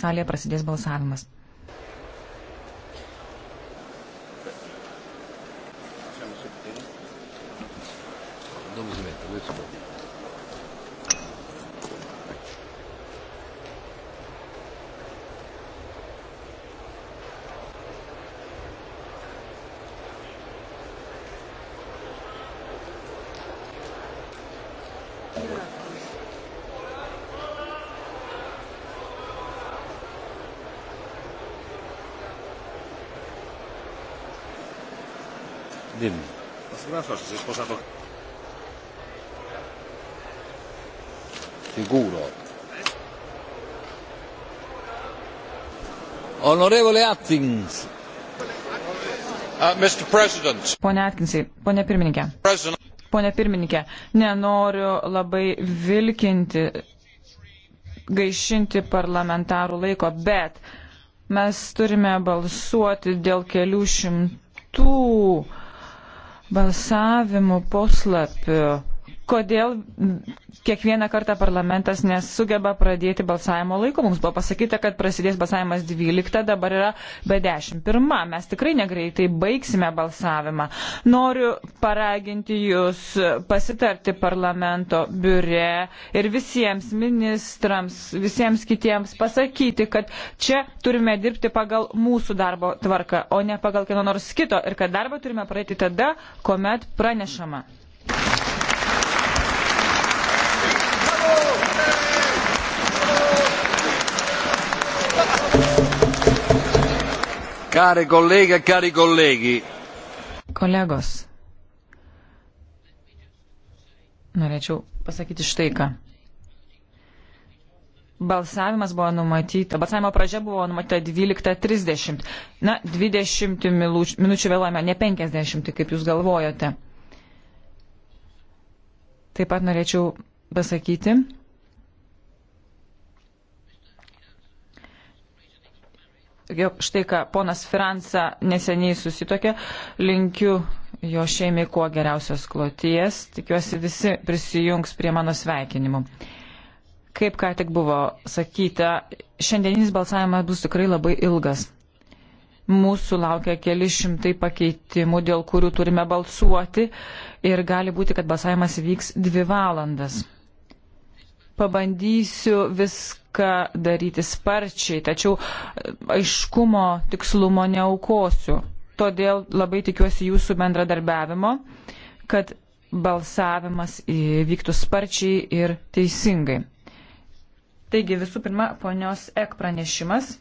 salėje prasidės balsavimas. Non, vous avez, oui, c'est bon. abbraccio a suo sposato. Sicuro. Onorevole Atkins. Uh, Mr. President. Pone Atkinsai, pone pirmininkė. President. Pone pirmininkė, nenoriu labai vilkinti, gaišinti parlamentarų laiko, bet mes turime balsuoti dėl kelių šimtų balsavimo puslapių kodėl kiekvieną kartą parlamentas nesugeba pradėti balsavimo laiko. Mums buvo pasakyta, kad prasidės balsavimas 12, dabar yra be 11. Mes tikrai negreitai baigsime balsavimą. Noriu paraginti Jūs pasitarti parlamento biure ir visiems ministrams, visiems kitiems pasakyti, kad čia turime dirbti pagal mūsų darbo tvarką, o ne pagal kieno nors kito ir kad darbą turime praeiti tada, kuomet pranešama. Care colleghe, e cari colleghi. Kolegos, norėčiau pasakyti štai ką. Balsavimas buvo numatyta, balsavimo pradžia buvo numatyta 12.30. Na, 20 minučių vėluojame, ne 50, kaip jūs galvojate. Taip pat norėčiau pasakyti, jog štai ką ponas Fransa neseniai susitokė, linkiu jo šeimai kuo geriausios kloties, tikiuosi visi prisijungs prie mano sveikinimų. Kaip ką tik buvo sakyta, šiandieninis balsavimas bus tikrai labai ilgas. Mūsų laukia keli šimtai pakeitimų, dėl kurių turime balsuoti ir gali būti, kad balsavimas vyks dvi valandas pabandysiu viską daryti sparčiai, tačiau e, aiškumo tikslumo neaukosiu. Todėl labai tikiuosi jūsų bendradarbiavimo, kad balsavimas e, vyktų sparčiai ir teisingai. Taigi visų pirma, ponios Ek pranešimas.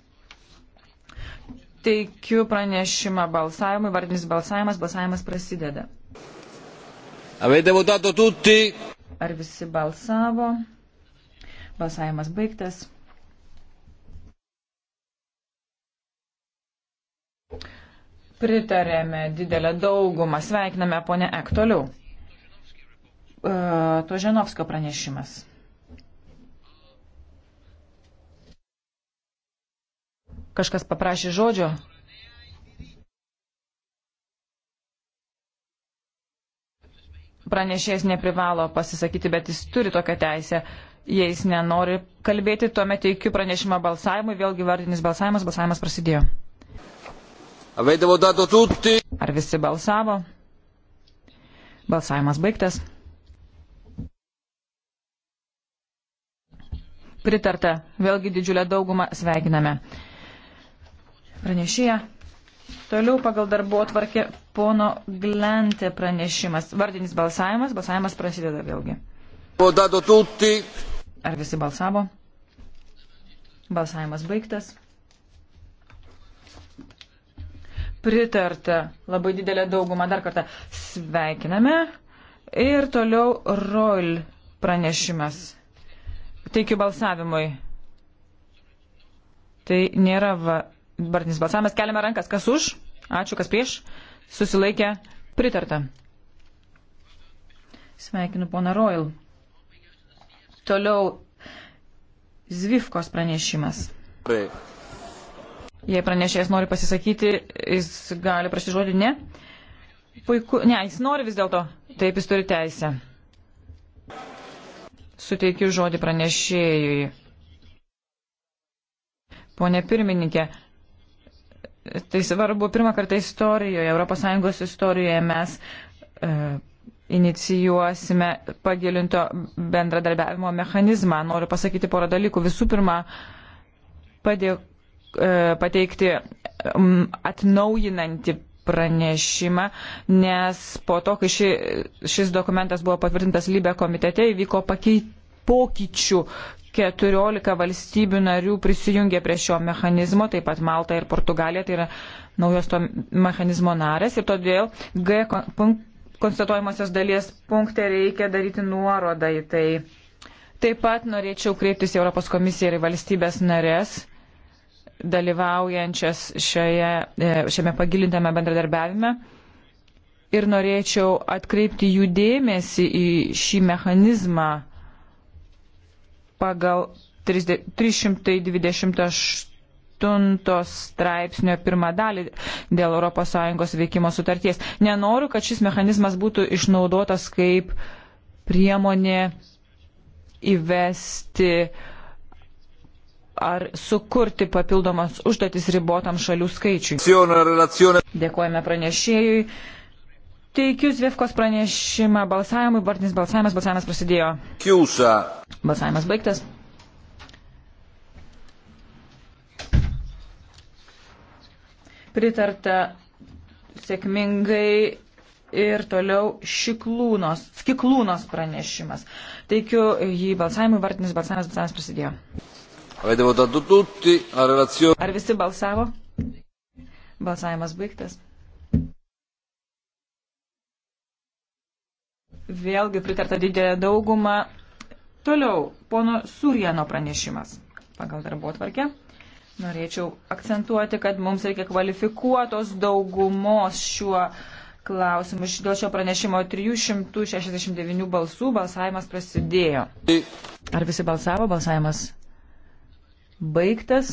Teikiu pranešimą balsavimui, vardinis balsavimas, balsavimas prasideda. Avete votato tutti? Ar visi balsavo? Balsavimas baigtas. Pritarėme didelę daugumą. Sveikiname ponę Ek. Toliau. E, Toženovskio pranešimas. Kažkas paprašė žodžio? Pranešėjas neprivalo pasisakyti, bet jis turi tokią teisę jais nenori kalbėti, tuomet teikiu pranešimą balsavimui, vėlgi vardinis balsavimas, balsavimas prasidėjo. Ar visi balsavo? Balsavimas baigtas. Pritarta, vėlgi didžiulę daugumą sveikiname. Pranešėja. Toliau pagal darbo atvarkė pono Glentė pranešimas. Vardinis balsavimas, balsavimas prasideda vėlgi. Votato tutti. Ar visi balsavo? Balsavimas baigtas. Pritarta labai didelė dauguma. Dar kartą sveikiname. Ir toliau ROIL pranešimas. Teikiu balsavimui. Tai nėra vardinis balsavimas. Keliame rankas. Kas už? Ačiū. Kas prieš? Susilaikė. Pritarta. Sveikinu poną Royal. Toliau Zvifkos pranešimas. Prie. Jei pranešėjas nori pasisakyti, jis gali prašyti žodį ne. Puiku, ne, jis nori vis dėlto. Taip, jis turi teisę. Suteikiu žodį pranešėjui. Pone pirmininkė, tai svarbu, pirmą kartą istorijoje, ES istorijoje mes. Uh, e, inicijuosime pagilinto bendradarbiavimo mechanizmą. Noriu pasakyti porą dalykų. Visų pirma, padė, e, pateikti atnaujinantį pranešimą, nes po to, kai ši, šis dokumentas buvo patvirtintas Libė komitete, įvyko pakeitimai pokyčių. 14 valstybių narių prisijungė prie šio mechanizmo, taip pat Malta ir Portugalija, tai yra naujos to mechanizmo narės ir todėl G konstatuojamosios dalies punkte reikia daryti nuorodą į tai. Taip pat norėčiau kreiptis į Europos komisiją ir į valstybės narės dalyvaujančias šioje, e, šiame pagilintame bendradarbiavime. Ir norėčiau atkreipti jų dėmesį į šį mechanizmą pagal 328 aštuntos straipsnio pirmą dalį dėl ES veikimo sutarties. Nenoriu, kad šis mechanizmas būtų išnaudotas kaip priemonė įvesti ar sukurti papildomas užduotis ribotam šalių skaičiui. Dėkojame pranešėjui. Teikiu Zvivkos pranešimą balsavimui. Vartinis balsavimas. Balsavimas prasidėjo. Kiusa. Balsavimas baigtas. pritarta sėkmingai ir toliau šiklūnos, skiklūnos pranešimas. Teikiu jį balsavimui, vartinis balsavimas, balsavimas prasidėjo. Ar visi balsavo? Balsavimas baigtas. Vėlgi pritarta didelė dauguma. Toliau, pono Surieno pranešimas pagal darbo atvarkę. Norėčiau akcentuoti, kad mums reikia kvalifikuotos daugumos šiuo klausimu. Dėl šio pranešimo 369 balsų balsavimas prasidėjo. Ar visi balsavo? Balsavimas baigtas.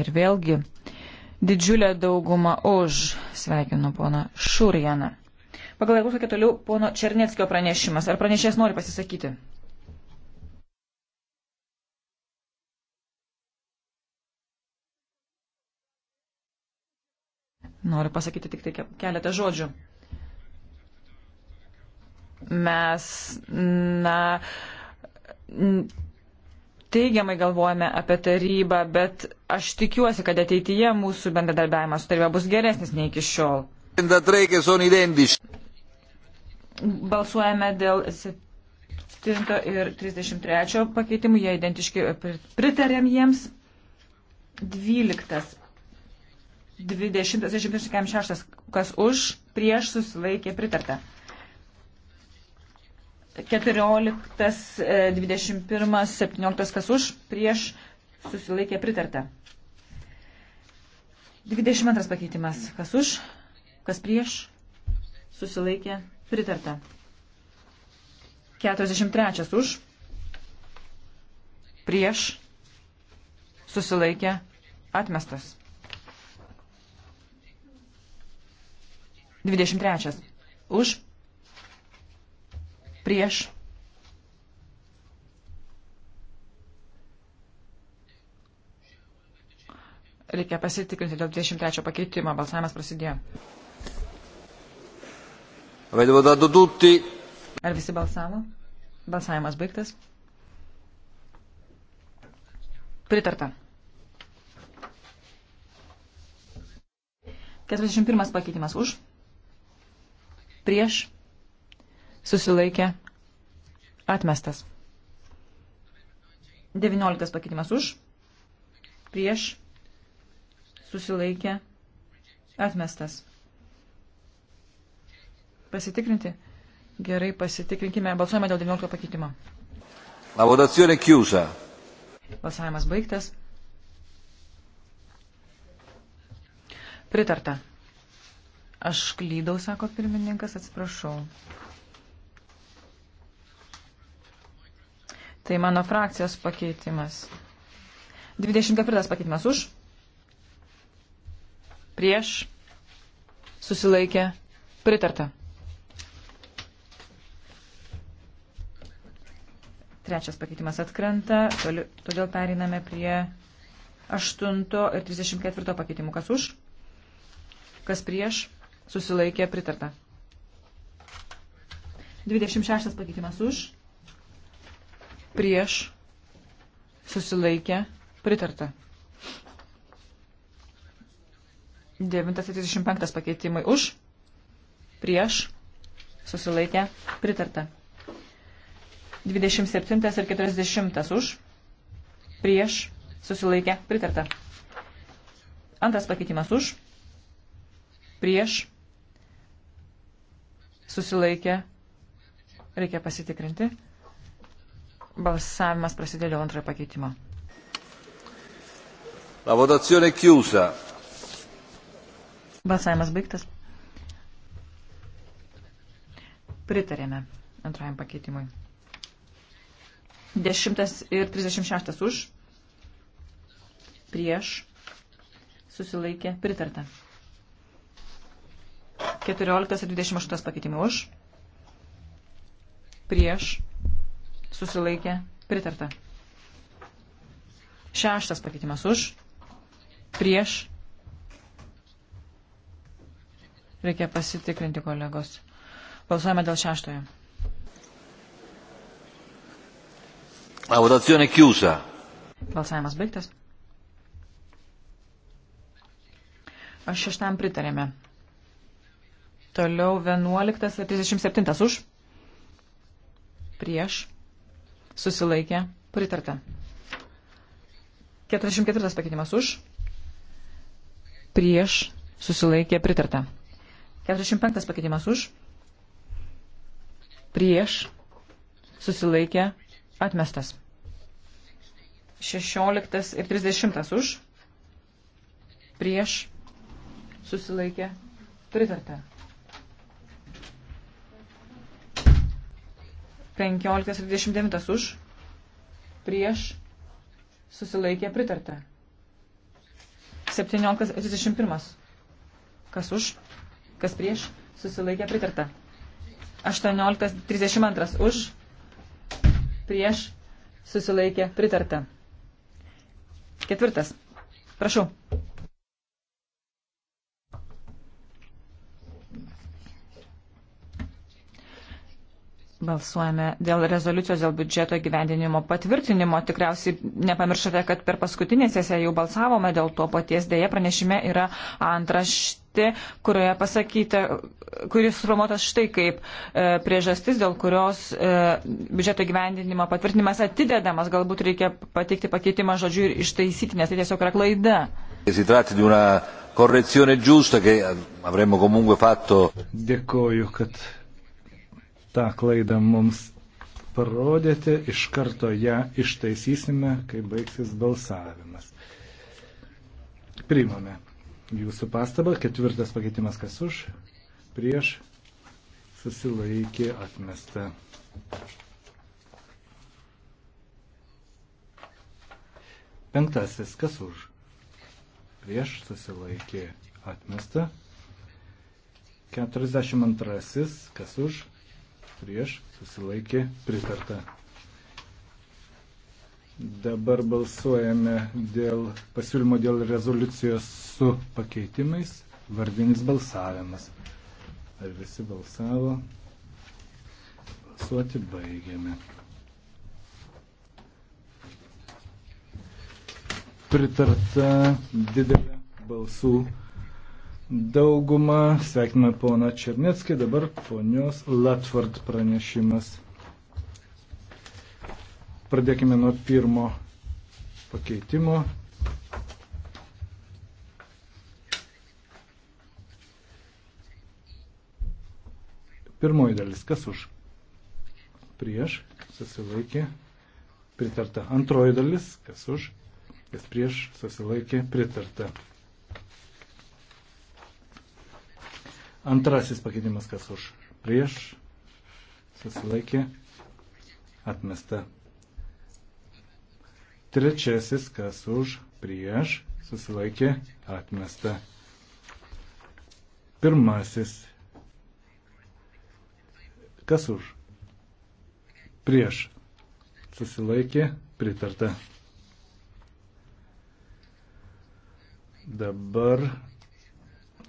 Ir vėlgi didžiulė dauguma už. Sveikinu poną Šurjaną. Pagal jeigu sakė toliau pono Černieckio pranešimas. Ar pranešėjas nori pasisakyti? Noriu pasakyti tik tai keletą žodžių. Mes, na, teigiamai galvojame apie tarybą, bet aš tikiuosi, kad ateityje mūsų bendradarbiavimas su taryba bus geresnis nei iki šiol. Balsuojame dėl 7 ir 33 pakeitimų, jie identiški, pritarėm jiems. 12 20.26. Kas už, prieš susilaikė pritarta. 14, 21, 17. Kas už, prieš susilaikė pritarta. 22 pakeitimas. Kas už, kas prieš susilaikė pritarta. 43 už, prieš susilaikė atmestas. 23. Už. Prieš. Reikia pasitikrinti dėl 23 pakeitimo. Balsavimas prasidėjo. Ar visi balsavo? Balsavimas baigtas. Pritarta. 41 pakeitimas už prieš, susilaikė, atmestas. 19 pakeitimas už, prieš, susilaikė, atmestas. Pasitikrinti? Gerai, pasitikrinkime. Balsuojame dėl 19 pakeitimo. La votazione chiusa. Balsavimas baigtas. Pritarta. Aš klydau, sako pirmininkas, atsiprašau. Tai mano frakcijos pakeitimas. 24 pakeitimas už. Prieš. Susilaikė. Pritarta. Trečias pakeitimas atkrenta, todėl pereiname prie 8 ir 34 pakeitimų. Kas už? Kas prieš? susilaikė pritarta. 26 pakeitimas už, prieš, susilaikė pritarta. 935 pakeitimai už, prieš, susilaikė pritarta. 27 ir 40 už, prieš, susilaikė pritarta. Antras pakeitimas už, prieš, susilaikė, reikia pasitikrinti. Balsavimas prasidėjo antrojo pakeitimo. La votazione chiusa. Balsavimas baigtas. Pritarėme antrajam pakeitimui. 10 ir 36 už, prieš, susilaikė, pritarta. 14 ir 28 pakeitimai už, prieš, susilaikė, pritarta. Šeštas pakeitimas už, prieš. Reikia pasitikrinti, kolegos. Balsuojame dėl šeštojo. La votazione chiusa. Balsavimas baigtas. Aš šeštam pritarėme. Toliau 11 ir 37 už. Prieš. Susilaikė. Pritarta. 44 pakeitimas už. Prieš. Susilaikė. Pritarta. 45 pakeitimas už. Prieš. Susilaikė. Atmestas. 16 ir 30 už. Prieš. Susilaikė. Pritarta. 15 ir 29 už, prieš, susilaikė pritarta. 17 ir 31. Kas už, kas prieš, susilaikė pritarta. 18 32 už, prieš, susilaikė pritarta. Ketvirtas. Prašau. Balsuojame dėl rezoliucijos, dėl biudžeto gyvendinimo patvirtinimo. Tikriausiai nepamirštate, kad per paskutinę sesiją jau balsavome dėl to paties. Deja, pranešime yra antrašti, kurioje pasakyta, kuris formuotas štai kaip e, priežastis, dėl kurios e, biudžeto gyvendinimo patvirtinimas atidedamas. Galbūt reikia pateikti pakeitimą žodžiu ir ištaisyti, nes tai tiesiog yra klaida. Dėkoju, kad tą klaidą mums parodėte, iš karto ją ištaisysime, kai baigsis balsavimas. Priimame jūsų pastabą. Ketvirtas pakeitimas kas už, prieš, susilaikė, atmesta. Penktasis kas už, prieš, susilaikė, atmesta. Keturiasdešimt antrasis kas už, prieš, susilaikė, pritarta. Dabar balsuojame dėl pasiūlymo dėl rezoliucijos su pakeitimais. Vardinis balsavimas. Ar visi balsavo? Balsuoti baigėme. Pritarta didelė balsų daugumą. Sveikiname poną Černetskį, dabar ponios Latvard pranešimas. Pradėkime nuo pirmo pakeitimo. Pirmoji dalis, kas už? Prieš, susilaikė, pritarta. Antroji dalis, kas už? Kas prieš, susilaikė, pritarta. Antrasis pakeitimas, kas už prieš, susilaikė, atmesta. Trečiasis, kas už prieš, susilaikė, atmesta. Pirmasis, kas už prieš, susilaikė, pritarta. Dabar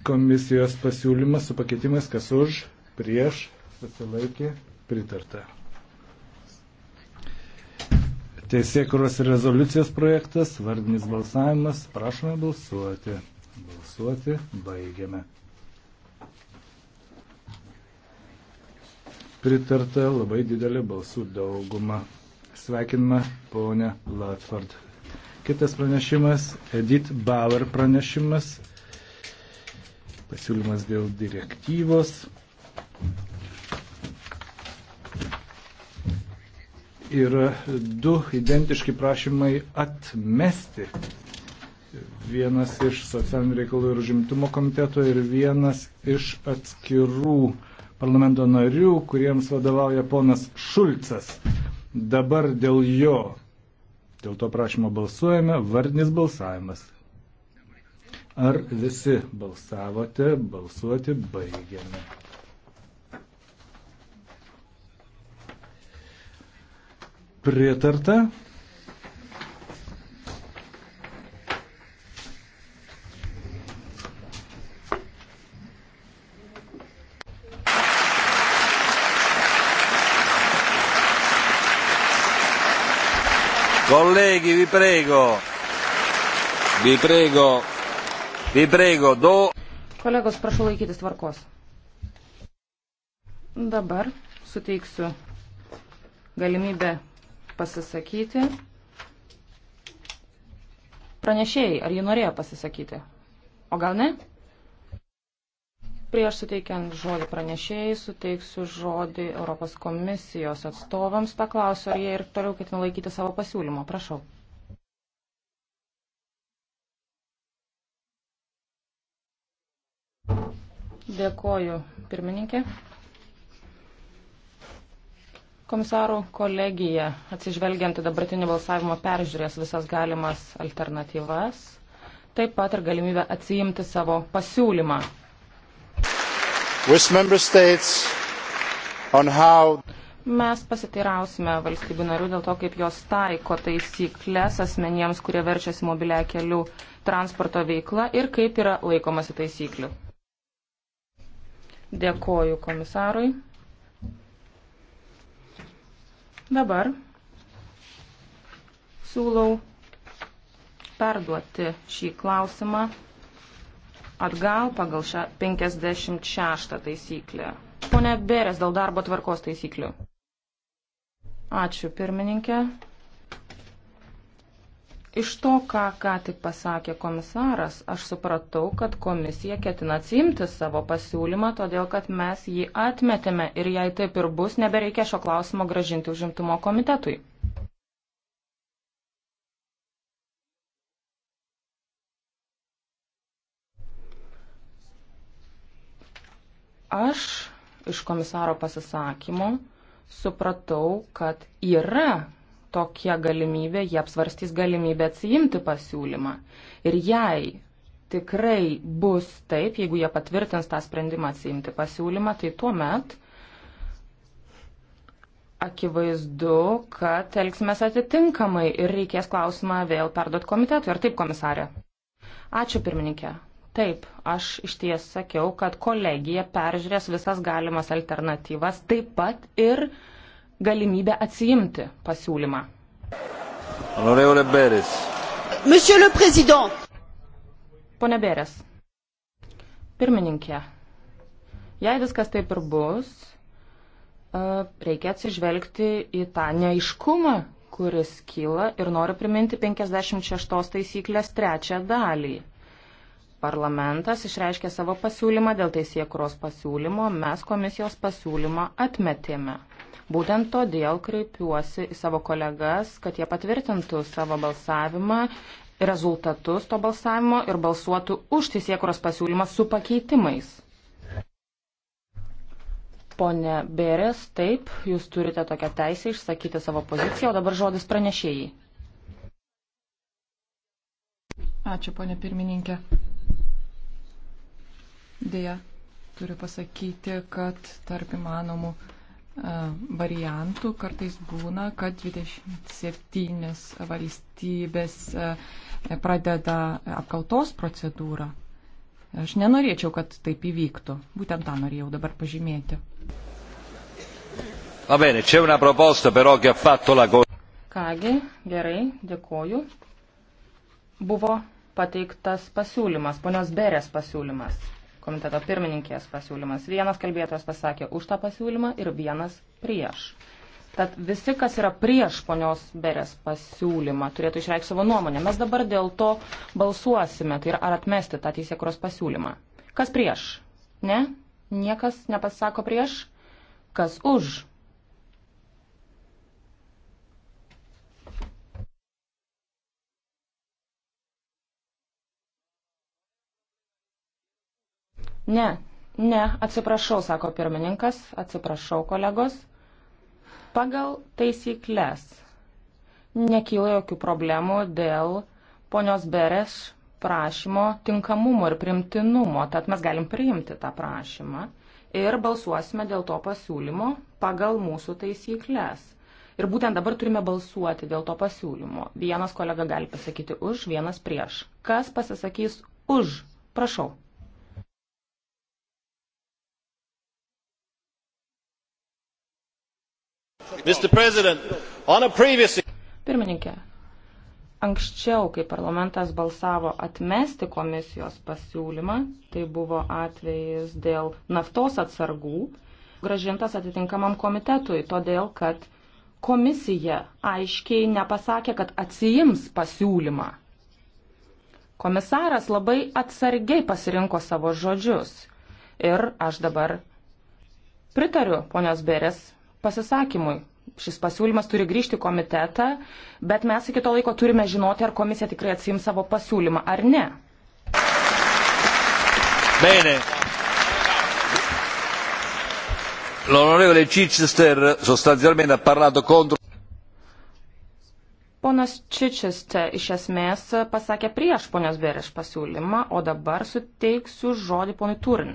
komisijos pasiūlymas su pakeitimais, kas už, prieš, susilaikė, pritarta. Teisėkuros ir rezoliucijos projektas, vardinis balsavimas, prašome balsuoti. Balsuoti baigiame. Pritarta labai didelė balsų dauguma. Sveikiname ponę Latford. Kitas pranešimas, Edith Bauer pranešimas. Pasiūlymas dėl direktyvos. Yra du identiški prašymai atmesti. Vienas iš socialinių reikalų ir žimtumo komiteto ir vienas iš atskirų parlamento narių, kuriems vadovauja ponas Šulcas. Dabar dėl jo, dėl to prašymo balsuojame, vardinis balsavimas. Ar visi balsavote? Balsuoti baigiame. Prietarta. Colleghi, vi prego, vi prego Vi prego, do. Kolegos, prašau laikytis tvarkos. Dabar suteiksiu galimybę pasisakyti. Pranešėjai, ar jie norėjo pasisakyti? O gal ne? Prieš suteikiant žodį pranešėjai, suteiksiu žodį Europos komisijos atstovams, paklausiu, ar jie ir toliau ketina laikyti savo pasiūlymą. Prašau. Dėkoju, pirmininkė. Komisarų kolegija, atsižvelgiant į dabartinį balsavimą, peržiūrės visas galimas alternatyvas, taip pat ir galimybę atsiimti savo pasiūlymą. How... Mes pasiteirausime valstybių narių dėl to, kaip jos taiko taisyklės asmeniems, kurie verčiasi mobilia kelių transporto veikla ir kaip yra laikomasi taisyklių. Dėkoju komisarui. Dabar siūlau perduoti šį klausimą atgal pagal 56 taisyklę. Pone Berės dėl darbo tvarkos taisyklių. Ačiū pirmininkė. Iš to, ką ką tik pasakė komisaras, aš supratau, kad komisija ketina atsimti savo pasiūlymą, todėl kad mes jį atmetėme ir jei taip ir bus, nebereikia šio klausimo gražinti užimtumo komitetui. Aš iš komisaro pasisakymo supratau, kad yra tokia galimybė, jie apsvarstys galimybę atsijimti pasiūlymą. Ir jei tikrai bus taip, jeigu jie patvirtins tą sprendimą atsijimti pasiūlymą, tai tuomet akivaizdu, kad elgsimės atitinkamai ir reikės klausimą vėl perduot komitetui. Ar taip, komisarė? Ačiū, pirmininkė. Taip, aš iš ties sakiau, kad kolegija peržiūrės visas galimas alternatyvas, taip pat ir uh, galimybę atsiimti pasiūlymą. Honorevole Beres. Monsieur le Président. Pone Beres. Pirmininkė. Jei viskas taip ir bus, e, reikia atsižvelgti į tą neiškumą, kuris kyla ir noriu priminti 56 taisyklės trečią dalį. Parlamentas išreiškė savo pasiūlymą dėl teisėkuros pasiūlymo, mes komisijos pasiūlymą atmetėme. Būtent todėl kreipiuosi į savo kolegas, kad jie patvirtintų savo balsavimą rezultatus to balsavimo ir balsuotų už teisėkuros pasiūlymą su pakeitimais. Pone Bėrės, taip, jūs turite tokią teisę išsakyti savo poziciją, o dabar žodis pranešėjai. Ačiū, ponė pirmininkė. Deja, turiu pasakyti, kad tarp įmanomų E, variantų kartais būna, kad 27 valstybės e, pradeda apkaltos procedūrą. Aš nenorėčiau, kad taip įvyktų. Būtent tą norėjau dabar pažymėti. Kągi, gerai, dėkoju. Buvo pateiktas pasiūlymas, ponios Berės pasiūlymas komiteto pirmininkės pasiūlymas. Vienas kalbėtojas pasakė už tą pasiūlymą ir vienas prieš. Tad visi, kas yra prieš ponios Berės pasiūlymą, turėtų išreikšti savo nuomonę. Mes dabar dėl to balsuosime, tai yra ar atmesti tą teisėkuros pasiūlymą. Kas prieš? Ne? Niekas nepasako prieš? Kas už? Ne, ne, atsiprašau, sako pirmininkas, atsiprašau, kolegos. Pagal taisyklės nekyla jokių problemų dėl ponios Bereš prašymo tinkamumo ir primtinumo, tad mes galim priimti tą prašymą ir balsuosime dėl to pasiūlymo pagal mūsų taisyklės. Ir būtent dabar turime balsuoti dėl to pasiūlymo. Vienas kolega gali pasakyti už, vienas prieš. Kas pasisakys už? Prašau. Previous... Pirmininkė, anksčiau, kai parlamentas balsavo atmesti komisijos pasiūlymą, tai buvo atvejis dėl naftos atsargų, gražintas atitinkamam komitetui, todėl kad komisija aiškiai nepasakė, kad atsijims pasiūlymą. Komisaras labai atsargiai pasirinko savo žodžius. Ir aš dabar pritariu ponios Berės pasisakymui. Šis pasiūlymas turi grįžti į komitetą, bet mes iki to laiko turime žinoti, ar komisija tikrai atsims savo pasiūlymą ar ne. Bene. L'onorevole Chichester sostanzialmente ha parlato contro. Ponas Čičiste iš esmės pasakė prieš ponios Bereš pasiūlymą, o dabar suteiksiu žodį ponui Turin.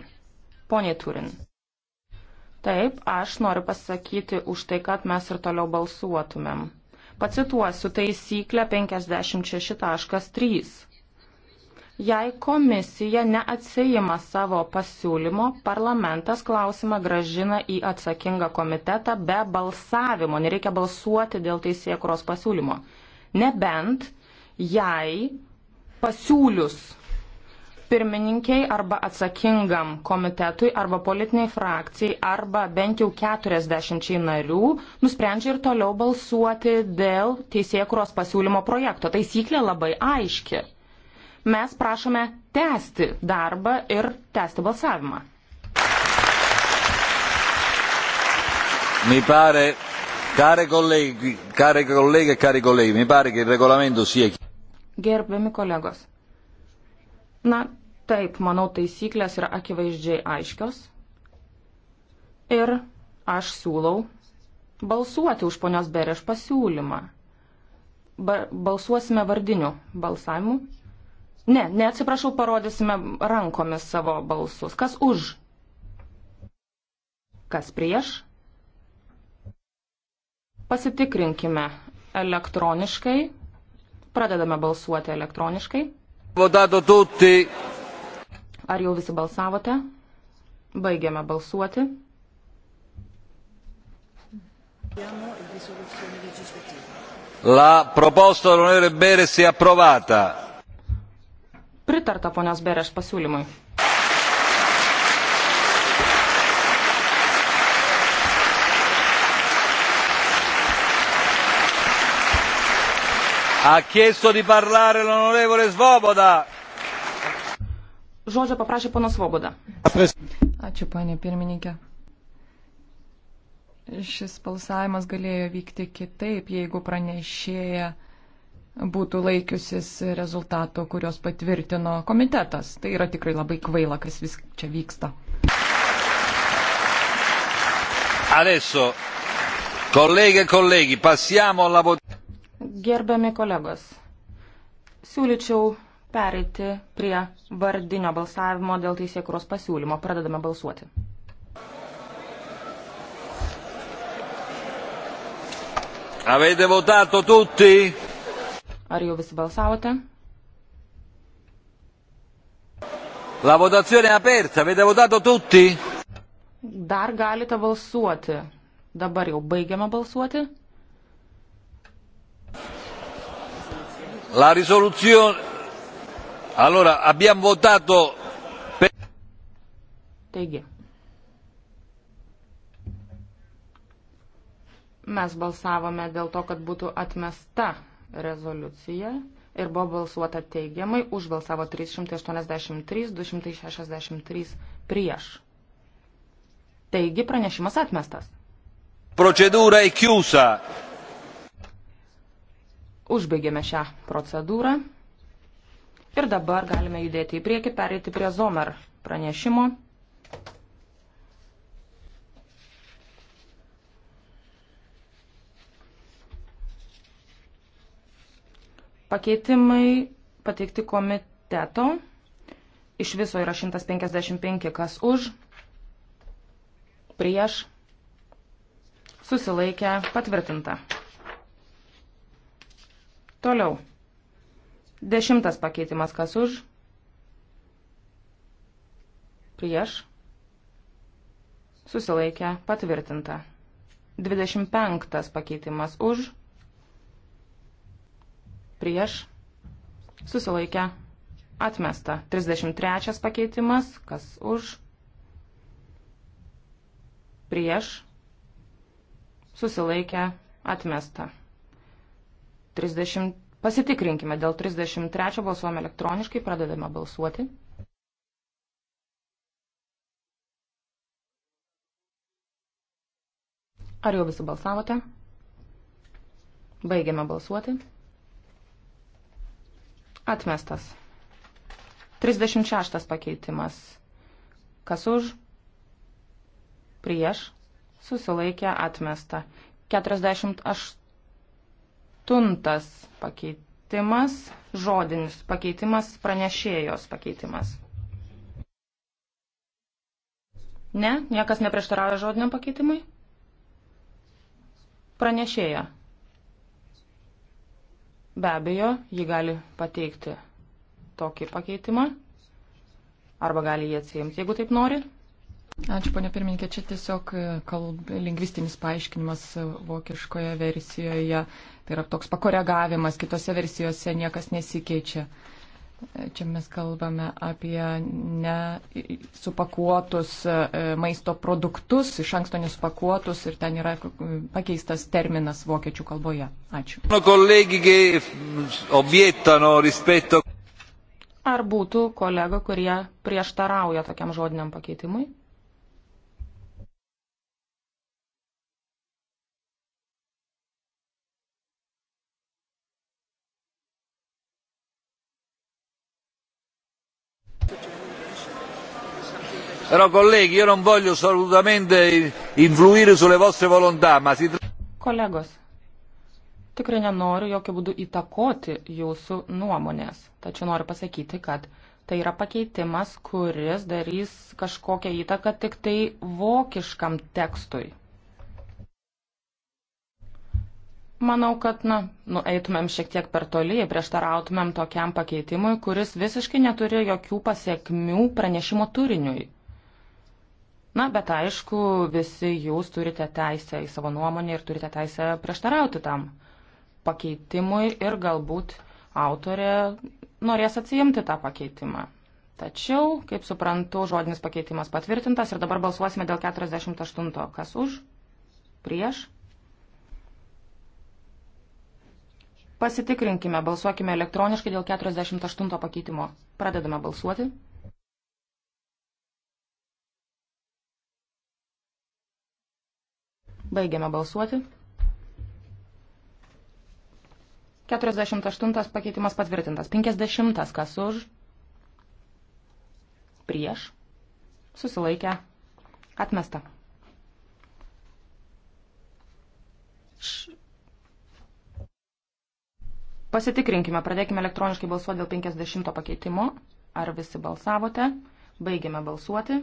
Poniai Turin. Taip, aš noriu pasakyti už tai, kad mes ir toliau balsuotumėm. Pacituosiu taisyklę 56.3. Jei komisija neatsijima savo pasiūlymo, parlamentas klausimą gražina į atsakingą komitetą be balsavimo, nereikia balsuoti dėl teisėkuros pasiūlymo. Nebent, jei pasiūlius pirmininkiai arba atsakingam komitetui arba politiniai frakcijai arba bent jau 40 narių nusprendžia ir toliau balsuoti dėl teisėkuros pasiūlymo projekto. Taisyklė labai aiški. Mes prašome tęsti darbą ir tęsti balsavimą. Mi pare, care colleghi, care colleghi e cari colleghi, mi pare che il regolamento sia. Gerbiami kolegos. Na, Taip, manau, taisyklės yra akivaizdžiai aiškios. Ir aš siūlau balsuoti už ponios Bereš pasiūlymą. Ba balsuosime vardiniu balsavimu. Ne, ne, atsiprašau, parodysime rankomis savo balsus. Kas už? Kas prieš? Pasitikrinkime elektroniškai. Pradedame balsuoti elektroniškai. Votato tutti. Ar jau visi balsavote? Baigiame balsuoti. La proposta dell'onorevole Beres è approvata. Pritarta ponios Beres pasiūlymui. Ha chiesto di parlare l'onorevole Svoboda žodžio paprašė ponas Voboda. Ačiū, panė pirmininkė. Šis balsavimas galėjo vykti kitaip, jeigu pranešėja būtų laikiusis rezultato, kurios patvirtino komitetas. Tai yra tikrai labai kvaila, kas vis čia vyksta. Adesso, kolegė, kolegi, e pasiamo la votazione. Gerbiami kolegos, siūlyčiau pereiti prie vardinio balsavimo dėl teisėkuros pasiūlymo. Pradedame balsuoti. Avete votato tutti? Ar jau visi balsavote? La votazione è aperta, avete votato tutti? Dar galite balsuoti. Dabar jau baigiame balsuoti. La risoluzione Allora, abbiamo votato per... Taigi. Mes balsavome dėl to, kad būtų atmesta rezoliucija ir buvo balsuota teigiamai, už balsavo 383, 263 prieš. Taigi pranešimas atmestas. Procedūra įkiusa. Užbaigėme šią procedūrą. Ir dabar galime judėti į priekį, pereiti prie Zomer pranešimo. Pakeitimai pateikti komiteto. Iš viso yra 155, kas už, prieš, susilaikę, patvirtinta. Toliau. Dešimtas pakeitimas kas už? Prieš. Susilaikė. Patvirtinta. 25 pakeitimas už. Prieš. Susilaikė. Atmesta. 33 pakeitimas. Kas už? Prieš. Susilaikė. Atmesta. 30. Pasitikrinkime dėl 33 balsuojame elektroniškai, pradedame balsuoti. Ar jau visi balsavote? Baigiame balsuoti. Atmestas. 36 pakeitimas. Kas už? Prieš. Susilaikė atmesta. 48 aštuntas pakeitimas, žodinis pakeitimas, pranešėjos pakeitimas. Ne, niekas neprieštarauja žodiniam pakeitimui? Pranešėja. Be abejo, ji gali pateikti tokį pakeitimą arba gali jį atsiimti, jeigu taip nori. Ačiū, ponia pirmininkė. Čia tiesiog e, kalb, lingvistinis paaiškinimas e, vokiškoje versijoje. Tai yra toks pakoregavimas, kitose versijose niekas nesikeičia. E, čia mes kalbame apie nesupakuotus maisto produktus, iš anksto nesupakuotus ir ten yra pakeistas terminas vokiečių kalboje. Ačiū. Ar būtų kolego, kurie prieštarauja tokiam žodiniam pakeitimui? Però colleghi, io non voglio assolutamente influire sulle vostre volontà, ma si Kolegos, tikrai nenoriu jokių būdų įtakoti jūsų nuomonės, tačiau noriu pasakyti, kad tai yra pakeitimas, kuris darys kažkokią įtaką tik tai vokiškam tekstui. Manau, kad, na, nueitumėm šiek tiek per toli, prieštarautumėm tokiam pakeitimui, kuris visiškai neturi jokių pasiekmių pranešimo turiniui. Na, bet aišku, visi jūs turite teisę į savo nuomonę ir turite teisę prieštarauti tam pakeitimui ir galbūt autorė norės atsijimti tą pakeitimą. Tačiau, kaip suprantu, žodinis pakeitimas patvirtintas ir dabar balsuosime dėl 48. Kas už? Prieš? Pasitikrinkime, balsuokime elektroniškai dėl 48 pakeitimo. Pradedame balsuoti. Baigiame balsuoti. 48 pakeitimas patvirtintas. 50 kas už. Prieš. Susilaikę. Atmesta. Š... Pasitikrinkime, pradėkime elektroniškai balsuoti dėl 50 pakeitimo. Ar visi balsavote? Baigiame balsuoti.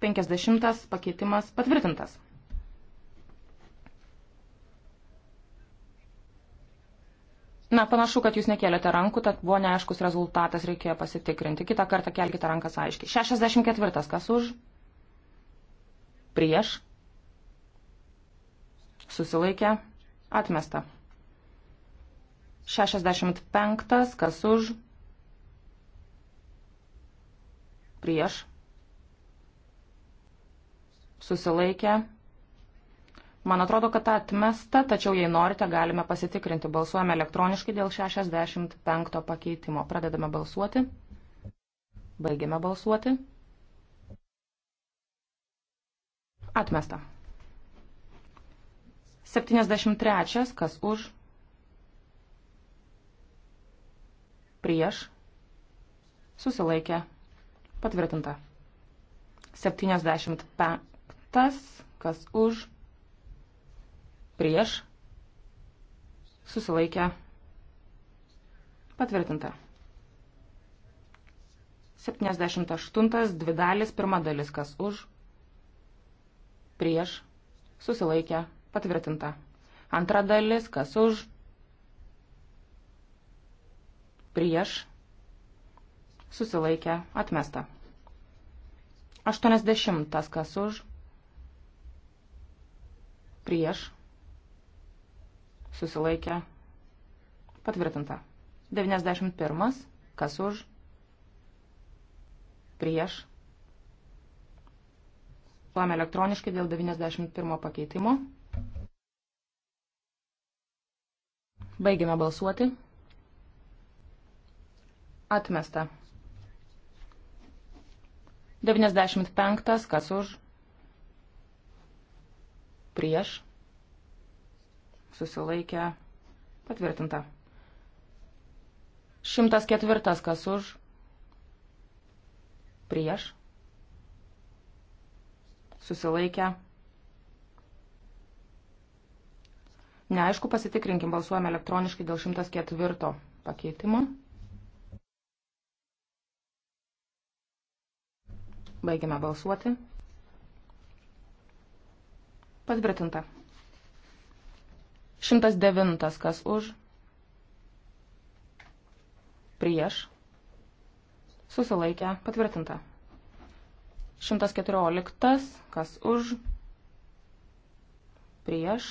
50 pakeitimas patvirtintas. Na, panašu, kad jūs nekėlėte rankų, tad buvo neaiškus rezultatas, reikėjo pasitikrinti. Kitą kartą kelkite rankas aiškiai. 64. Kas už? Prieš? Susilaikė? Atmesta. 65. Kas už? Prieš? susilaikė. Man atrodo, kad atmesta, tačiau jei norite, galime pasitikrinti. Balsuojame elektroniškai dėl 65 pakeitimo. Pradedame balsuoti. Baigiame balsuoti. Atmesta. 73. Kas už? Prieš. Susilaikė. Patvirtinta. 75. Tas, kas už, prieš, susilaikę, patvirtinta. 78 dvi dalis, pirma dalis, kas už, prieš, susilaikę, patvirtinta. Antra dalis, kas už, prieš, susilaikę, atmesta. 80 kas už, prieš, susilaikę, patvirtinta. 91. Kas už, prieš. Plame elektroniškai dėl 91 pakeitimo. Baigiame balsuoti. Atmesta. 95. Kas už, prieš prieš, susilaikę, patvirtinta. 104 kas už, prieš, susilaikę. Neaišku, pasitikrinkim, balsuojame elektroniškai dėl 104 pakeitimo. Baigiame balsuoti. Patvirtinta. 109. Kas už? Prieš. Susilaikę. Patvirtinta. 114. Kas už? Prieš.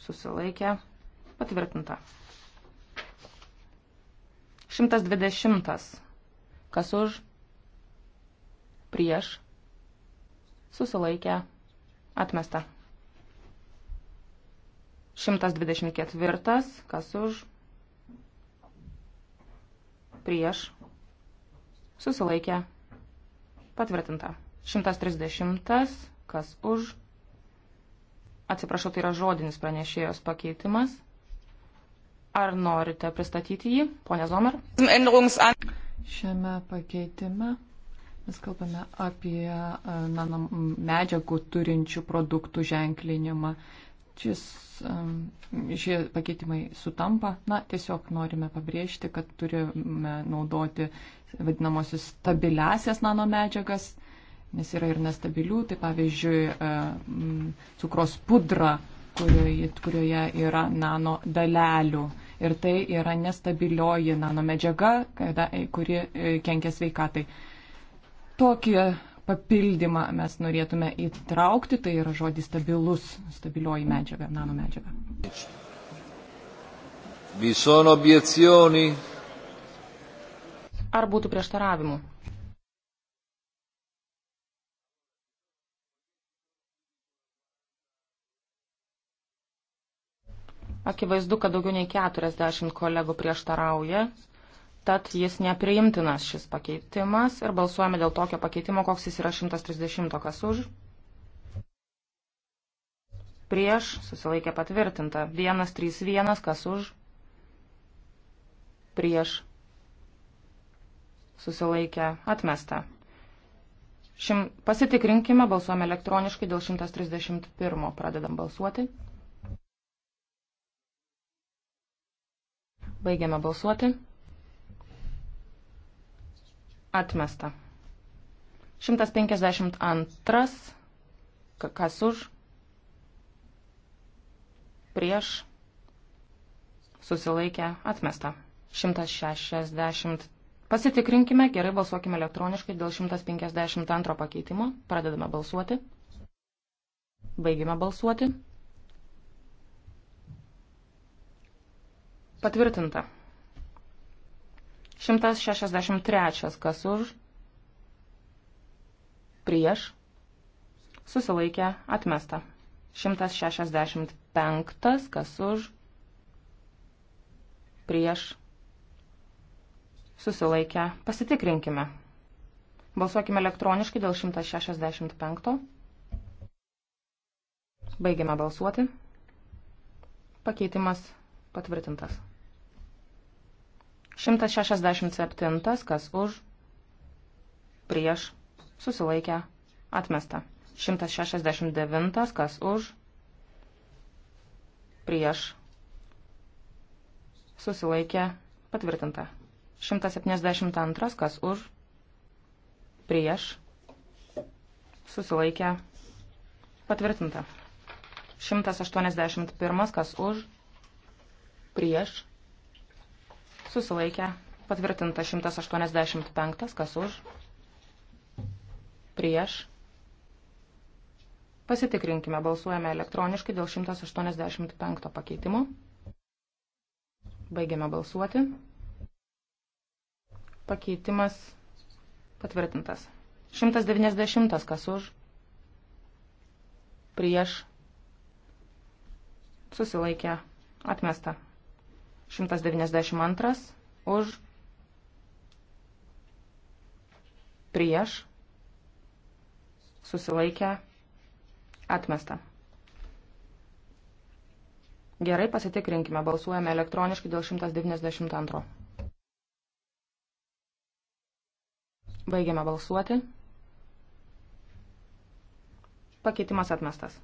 Susilaikę. Patvirtinta. 120. Kas už? Prieš. Susilaikę. Atmesta. 124. Kas už? Prieš. Susilaikė. Patvirtinta. 130. Kas už? Atsiprašau, tai yra žodinis pranešėjos pakeitimas. Ar norite pristatyti jį, ponė Zomer? Šiame pakeitime mes kalbame apie e, na, medžiagų turinčių produktų ženklinimą šis, šie pakeitimai sutampa. Na, tiesiog norime pabrėžti, kad turime naudoti vadinamosius stabiliasias nanomedžiagas, nes yra ir nestabilių, tai pavyzdžiui, cukros pudra, kurioje, kurioje yra nano dalelių. Ir tai yra nestabilioji nanomedžiaga, kuri e, kenkia sveikatai. Tokie papildymą mes norėtume įtraukti, tai yra žodis stabilus, stabilioji medžiaga, nano medžiaga. Vi sono obiezioni? Ar būtų prieštaravimų? Akivaizdu, kad daugiau nei 40 kolegų prieštarauja tad jis nepriimtinas šis pakeitimas ir balsuojame dėl tokio pakeitimo, koks jis yra 130, kas už. Prieš susilaikė patvirtinta. 131, kas už. Prieš susilaikė atmesta. Šim, pasitikrinkime, balsuojame elektroniškai dėl 131. Pradedam balsuoti. Baigiame balsuoti. Atmesta. 152. Kas už? Prieš. Susilaikė. Atmesta. 160. Pasitikrinkime, gerai balsuokime elektroniškai dėl 152 pakeitimo. Pradedame balsuoti. Baigime balsuoti. Patvirtinta. 163 kas už, prieš, susilaikė, atmesta. 165 kas už, prieš, susilaikė, pasitikrinkime. Balsuokime elektroniškai dėl 165. Baigiame balsuoti. Pakeitimas patvirtintas. 167. Kas už? Prieš. Susilaikę. Atmesta. 169. Kas už? Prieš. Susilaikę. Patvirtinta. 172. Kas už? Prieš. Susilaikę. Patvirtinta. 181. Kas už? Prieš Susilaikė. Patvirtinta 185. Kas už? Prieš. Pasitikrinkime. Balsuojame elektroniškai dėl 185 pakeitimo. Baigiame balsuoti. Pakeitimas patvirtintas. 190. Kas už? Prieš. Susilaikė. Atmesta. 192 už prieš susilaikę atmestą. Gerai, pasitikrinkime, balsuojame elektroniškai dėl 192. Baigiame balsuoti. Pakeitimas atmestas.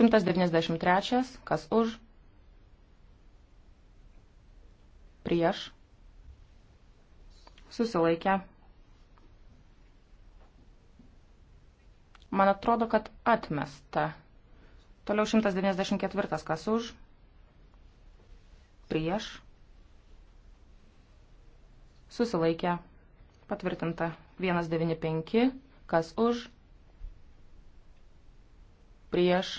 193, kas už, prieš, susilaikę. Man atrodo, kad atmesta. Toliau 194 kas už, prieš, susilaikę, patvirtinta 195 kas už, prieš,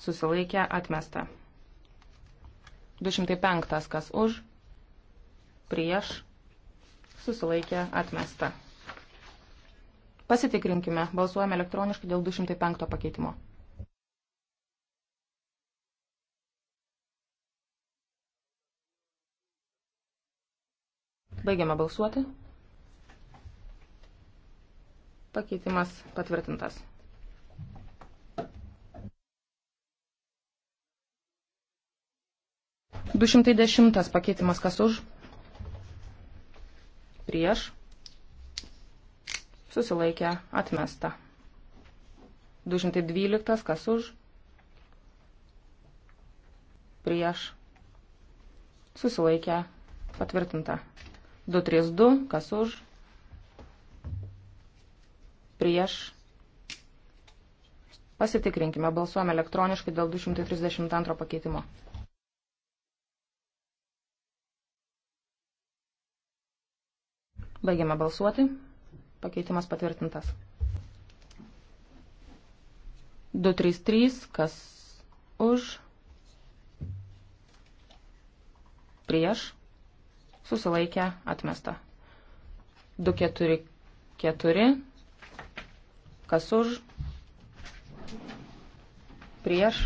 susilaikę, atmesta. 205 kas už, prieš, susilaikė, atmesta. Pasitikrinkime, balsuojame elektroniškai dėl 205 pakeitimo. Baigiame balsuoti. Pakeitimas patvirtintas. 210 pakeitimas kas už? Prieš. Susilaikė atmesta. 212 kas už? Prieš. Susilaikė patvirtinta. 232 kas už? Prieš. Pasitikrinkime, balsuojame elektroniškai dėl 232 pakeitimo. Baigiame balsuoti. Pakeitimas patvirtintas. 233, kas už, prieš, susilaikę, atmesta. 244, kas už, prieš,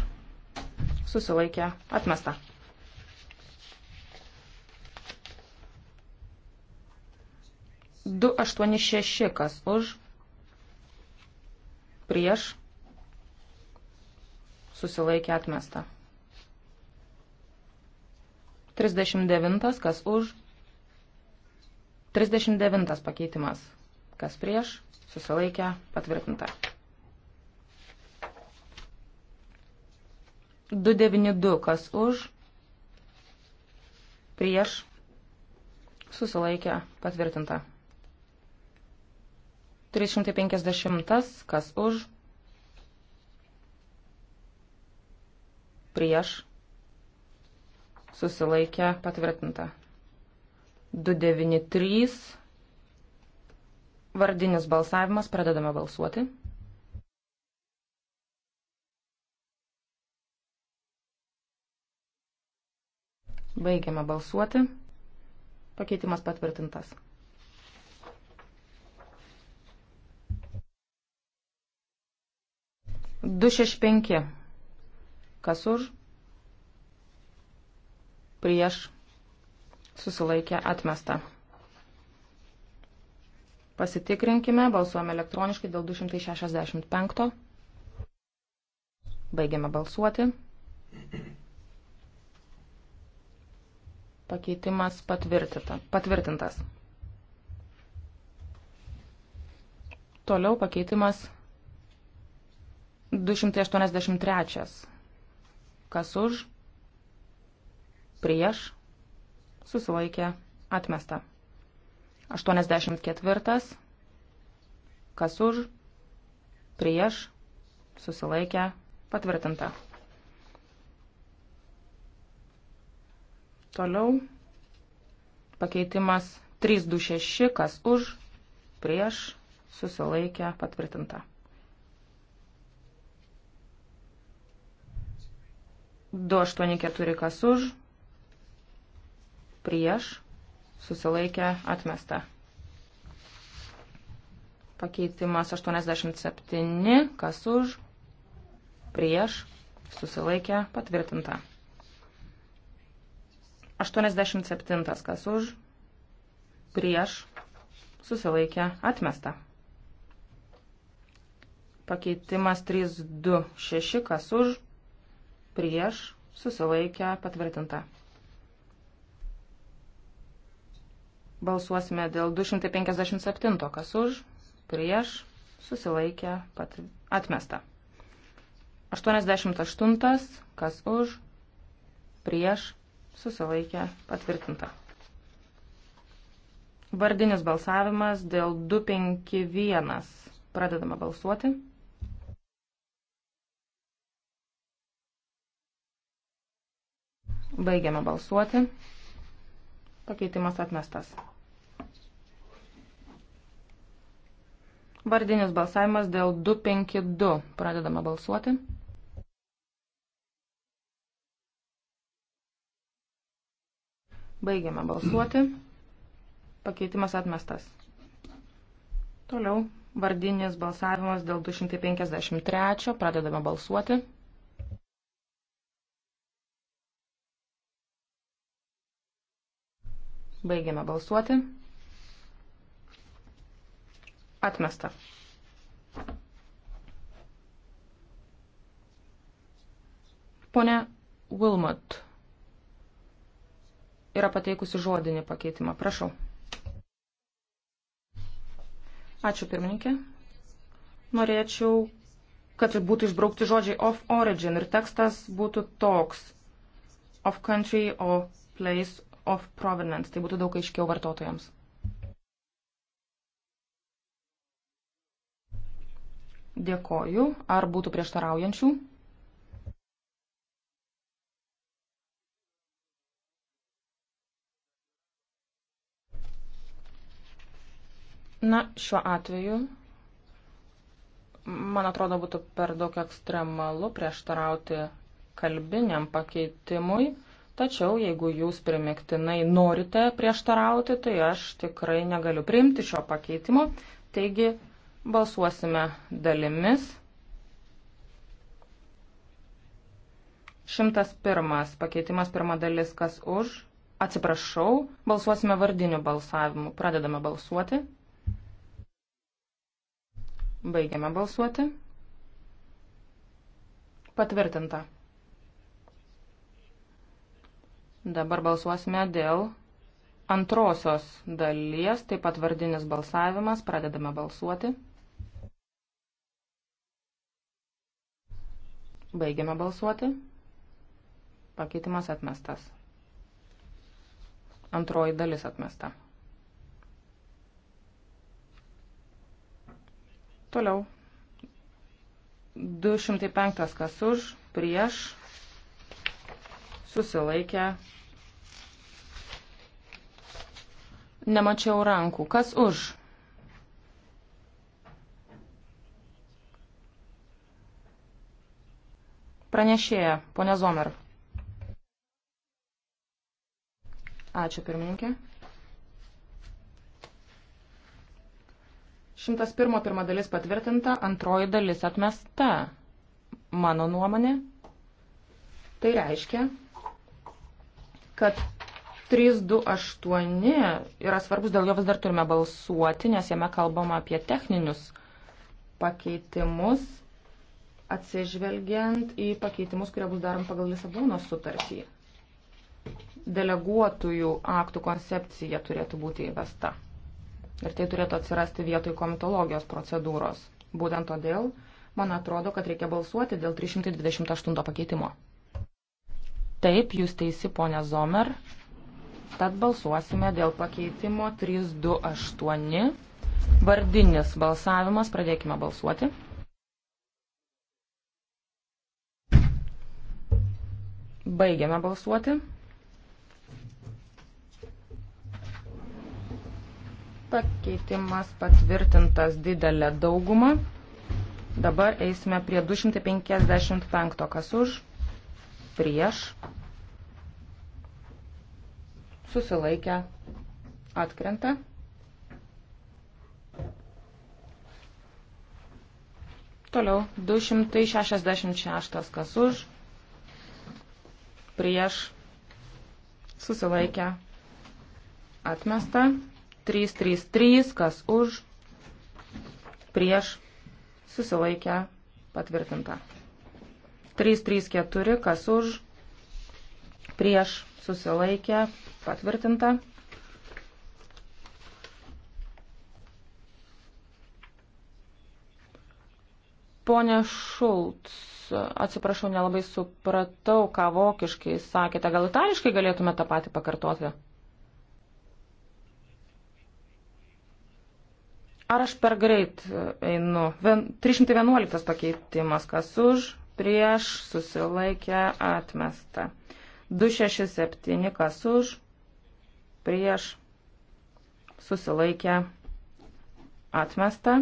susilaikę, atmesta. 286 kas už, prieš, susilaikė atmesta. 39 kas už, 39 pakeitimas, kas prieš, susilaikė patvirtinta. 292 kas už, prieš, susilaikė patvirtinta. 350. Kas už? Prieš. Susilaikė patvirtinta. 293. Vardinis balsavimas. Pradedame balsuoti. Baigiame balsuoti. Pakeitimas patvirtintas. 265. Kas už? Prieš. Susilaikė atmesta. Pasitikrinkime, balsuojame elektroniškai dėl 265. Baigiame balsuoti. Pakeitimas patvirtintas. Toliau pakeitimas 283. Kas už? Prieš? Susilaikė. Atmesta. 84. Kas už? Prieš? Susilaikė. Patvirtinta. Toliau. Pakeitimas 326. Kas už? Prieš? Susilaikė. Patvirtinta. 284 kas už, prieš, susilaikę, atmesta. Pakeitimas 87 kas už, prieš, susilaikę, patvirtinta. 87 kas už, prieš, susilaikę, atmesta. Pakeitimas 326 kas už, prieš prieš, susilaikę, patvirtinta. Balsuosime dėl 257, kas už, prieš, susilaikę, pat... atmesta. 88, kas už, prieš, susilaikę, patvirtinta. Vardinis balsavimas dėl 251. Pradedame balsuoti. Baigiame balsuoti. Pakeitimas atmestas. Vardinis balsavimas dėl 252. Pradedame balsuoti. Baigiame balsuoti. Pakeitimas atmestas. Toliau vardinis balsavimas dėl 253. Pradedame balsuoti. Baigiame balsuoti. Atmesta. Pone Wilmot yra pateikusi žodinį pakeitimą. Prašau. Ačiū pirmininkė. Norėčiau, kad būtų išbraukti žodžiai of origin ir tekstas būtų toks. Of country or place of provenance. Tai būtų daug aiškiau vartotojams. Dėkoju. Ar būtų prieštaraujančių? Na, šiuo atveju, man atrodo, būtų per daug ekstremalu prieštarauti kalbiniam pakeitimui. Tačiau, jeigu jūs primiktinai norite prieštarauti, tai aš tikrai negaliu priimti šio pakeitimo. Taigi, balsuosime dalimis. 101 pakeitimas, pirma dalis, kas už. Atsiprašau, balsuosime vardiniu balsavimu. Pradedame balsuoti. Baigiame balsuoti. Patvirtinta. Dabar balsuosime dėl antrosios dalies, taip pat vardinis balsavimas, pradedame balsuoti. Baigiame balsuoti. Pakeitimas atmestas. Antroji dalis atmesta. Toliau. 205 kas už, prieš, susilaikę. Nemačiau rankų. Kas už? Pranešėja, ponė Zomer. Ačiū, pirmininkė. 101 pirma dalis patvirtinta, antroji dalis atmesta. Mano nuomonė. Tai reiškia, kad 328 yra svarbus, dėl jo vis dar turime balsuoti, nes jame kalbama apie techninius pakeitimus, atsižvelgiant į pakeitimus, kurie bus darom pagal Lisabono sutartį. Deleguotųjų aktų koncepcija turėtų būti įvesta. Ir tai turėtų atsirasti vietoj komitologijos procedūros. Būtent todėl, man atrodo, kad reikia balsuoti dėl 328 pakeitimo. Taip, jūs teisi, ponia Zomer. Tad balsuosime dėl pakeitimo 328. Vardinis balsavimas. Pradėkime balsuoti. Baigiame balsuoti. Pakeitimas patvirtintas didelę daugumą. Dabar eisime prie 255 kas už prieš, susilaikę, atkrenta. Toliau 266 kas už, prieš, susilaikę, atmesta. 333 kas už, prieš, susilaikę, patvirtinta. 334, kas už, prieš susilaikė, patvirtinta. Pone Šulc, atsiprašau, nelabai supratau, ką vokiškai sakėte. Gal itališkai galėtume tą patį pakartoti? Ar aš per greit einu? 311 pakeitimas, kas už, prieš susilaikę atmesta. 267 kas už, prieš susilaikę atmesta.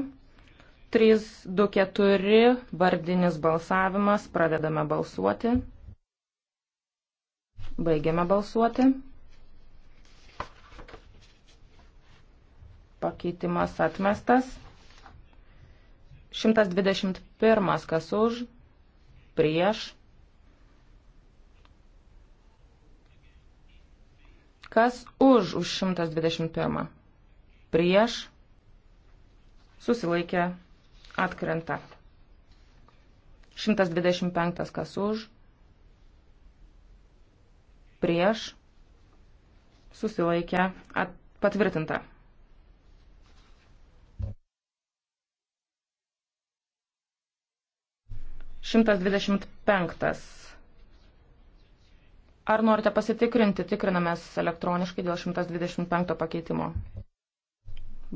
324 vardinis balsavimas, pradedame balsuoti. Baigiame balsuoti. Pakeitimas atmestas. 121 kas už, prieš, kas už už 121, prieš, susilaikė, atkrenta. 125 kas už, prieš, susilaikė, at, patvirtinta. 125. Ar norite pasitikrinti? Tikrinamės elektroniškai dėl 125 pakeitimo.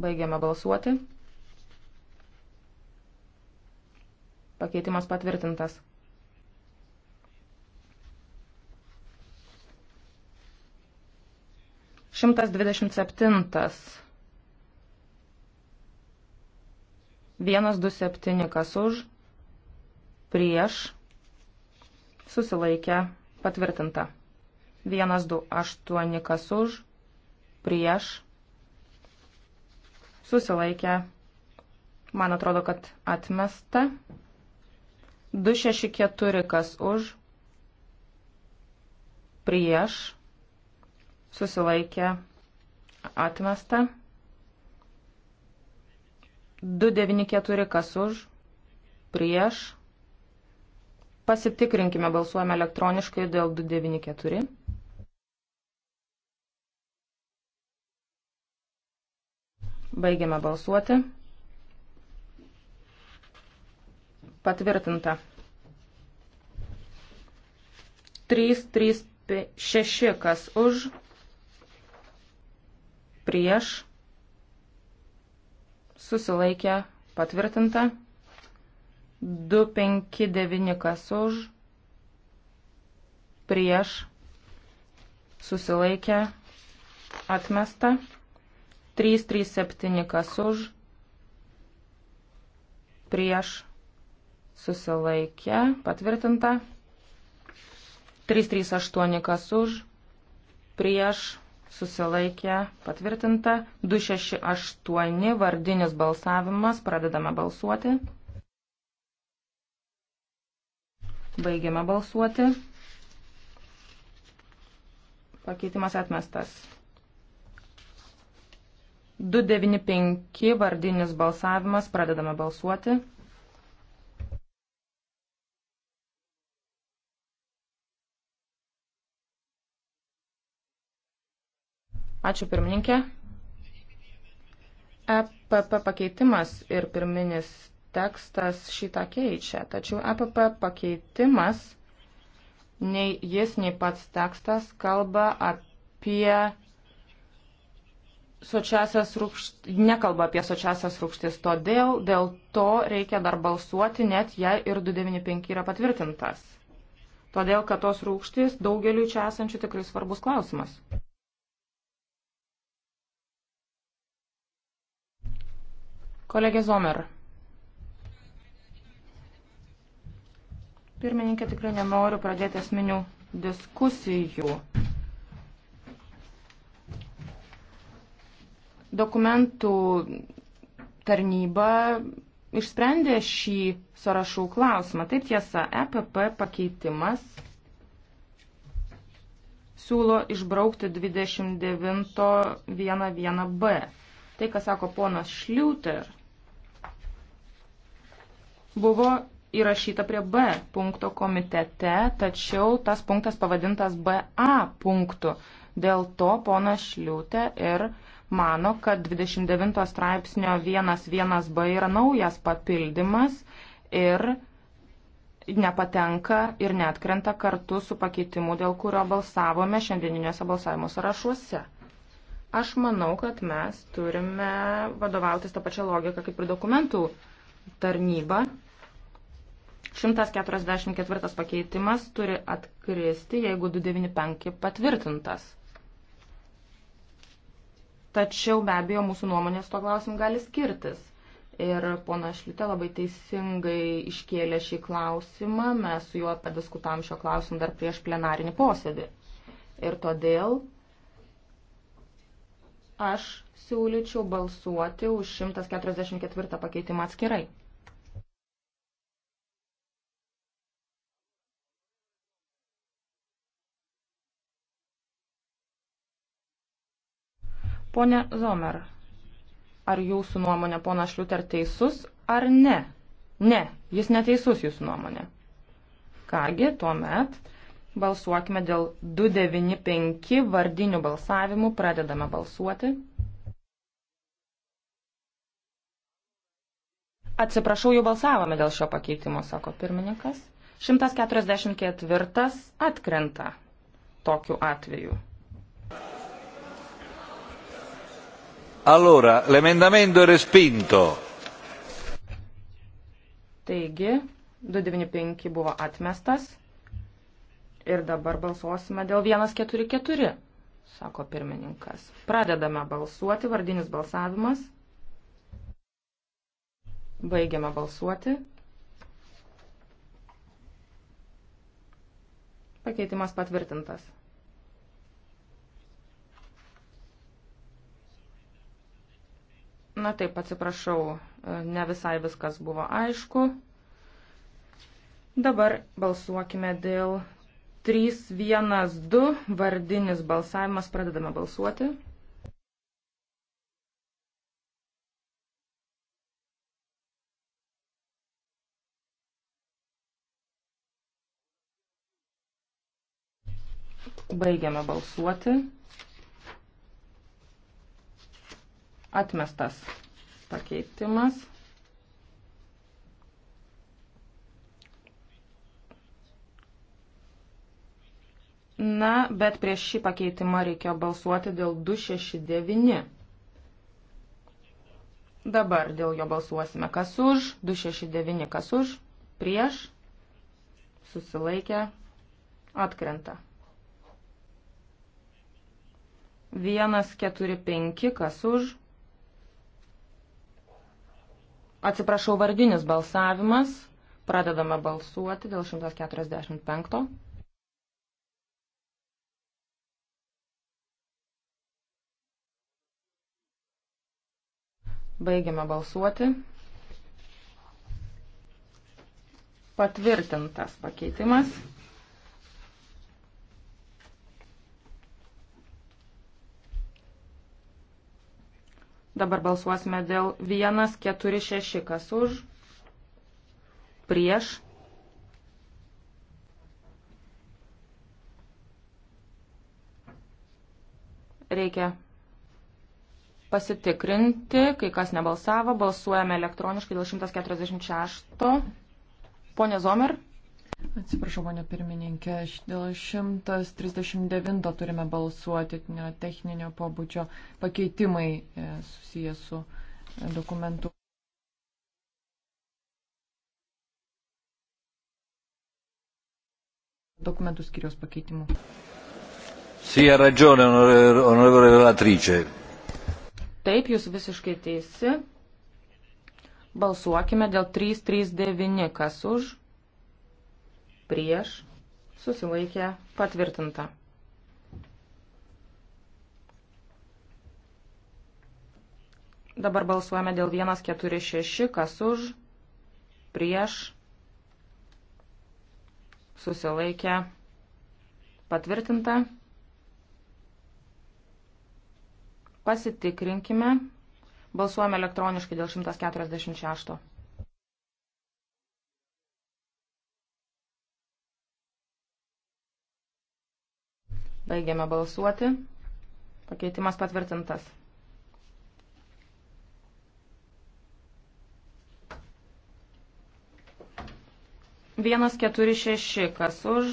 Baigiame balsuoti. Pakeitimas patvirtintas. Šimtas dvidešimt septintas. Vienas du septyni kas už prieš, susilaikę, patvirtinta. 128 kas už, prieš, susilaikę, man atrodo, kad atmesta. 264 kas už, prieš, susilaikę, atmesta. 294 kas už, prieš, Pasitikrinkime, balsuojame elektroniškai dėl 294. Baigiame balsuoti. Patvirtinta. 3, 3, 6, kas už, prieš, susilaikę, patvirtinta. 259 kas už, prieš, susilaikę, atmesta, 337 kas už, prieš, susilaikę, patvirtinta, 338 kas už, prieš, susilaikė, patvirtinta, 268 vardinis balsavimas, pradedame balsuoti. Baigiame balsuoti. Pakeitimas atmestas. 295 vardinis balsavimas. Pradedame balsuoti. Ačiū pirmininkė. EPP pakeitimas ir pirminis tekstas šitą keičia, tačiau EPP pakeitimas, nei jis, nei pats tekstas kalba apie sočiasias rūkštis, nekalba apie sočiasias rūkštis, todėl dėl to reikia dar balsuoti, net jei ir 295 yra patvirtintas. Todėl, kad tos rūkštis daugeliu čia esančių tikrai svarbus klausimas. Kolegė Zomer. pirmininkė, tikrai nenoriu pradėti esminių diskusijų. Dokumentų tarnyba išsprendė šį sąrašų klausimą. Taip tiesa, EPP pakeitimas siūlo išbraukti 29.11b. Tai, ką sako ponas Šliuter, buvo įrašyta prie B punkto komitete, tačiau tas punktas pavadintas BA punktu. Dėl to pona Šliūtė ir mano, kad 29 straipsnio 11b yra naujas papildymas ir nepatenka ir netkrenta kartu su pakeitimu, dėl kurio balsavome šiandieniniuose balsavimo sąrašuose. Aš manau, kad mes turime vadovautis tą pačią logiką kaip ir dokumentų tarnyba 144 pakeitimas turi atkristi, jeigu 295 patvirtintas. Tačiau be abejo mūsų nuomonės to klausimu gali skirtis. Ir pona Šliutė labai teisingai iškėlė šį klausimą, mes su juo padiskutavom šio klausimu dar prieš plenarinį posėdį. Ir todėl aš siūlyčiau balsuoti už 144 pakeitimą atskirai. Pone Zomer, ar jūsų nuomonė pona Šliuter teisus ar ne? Ne, jis neteisus jūsų nuomonė. Kągi, tuomet balsuokime dėl 295 vardinių balsavimų, pradedame balsuoti. Atsiprašau, jau balsavome dėl šio pakeitimo, sako pirmininkas. 144 atkrenta tokiu atveju. Allora, l'emendamento è respinto. Taigi, 295 buvo atmestas ir dabar balsuosime dėl 144, sako pirmininkas. Pradedame balsuoti, vardinis balsavimas. Baigiame balsuoti. Pakeitimas patvirtintas. Na taip, atsiprašau, e, ne visai viskas buvo aišku. Dabar balsuokime dėl 312 vardinis balsavimas. Pradedame balsuoti. Baigiame balsuoti. Atmestas pakeitimas. Na, bet prieš šį pakeitimą reikėjo balsuoti dėl 269. Dabar dėl jo balsuosime kas už, 269 kas už, prieš, susilaikę, atkrenta. 145 kas už, Atsiprašau, vardinis balsavimas. Pradedame balsuoti dėl 145. Baigiame balsuoti. Patvirtintas pakeitimas. Dabar balsuosime dėl 146, kas už, prieš. Reikia pasitikrinti, kai kas nebalsavo, balsuojame elektroniškai dėl 146. Pone Zomer. Atsiprašau, ponė pirmininkė, dėl 139 turime balsuoti techninio pobūdžio pakeitimai e, susijęs su e, dokumentu. Dokumentų skiriaus pakeitimų. Sì, ha ragione, onorevole relatrice. Taip, jūs visiškai teisi. Balsuokime dėl 339, kas už prieš, susilaikė, patvirtinta. Dabar balsuojame dėl 146, kas už, prieš, susilaikė, patvirtinta. Pasitikrinkime. Balsuojame elektroniškai dėl 146. Baigiame balsuoti. Pakeitimas patvirtintas. Vienas keturi šeši, kas už,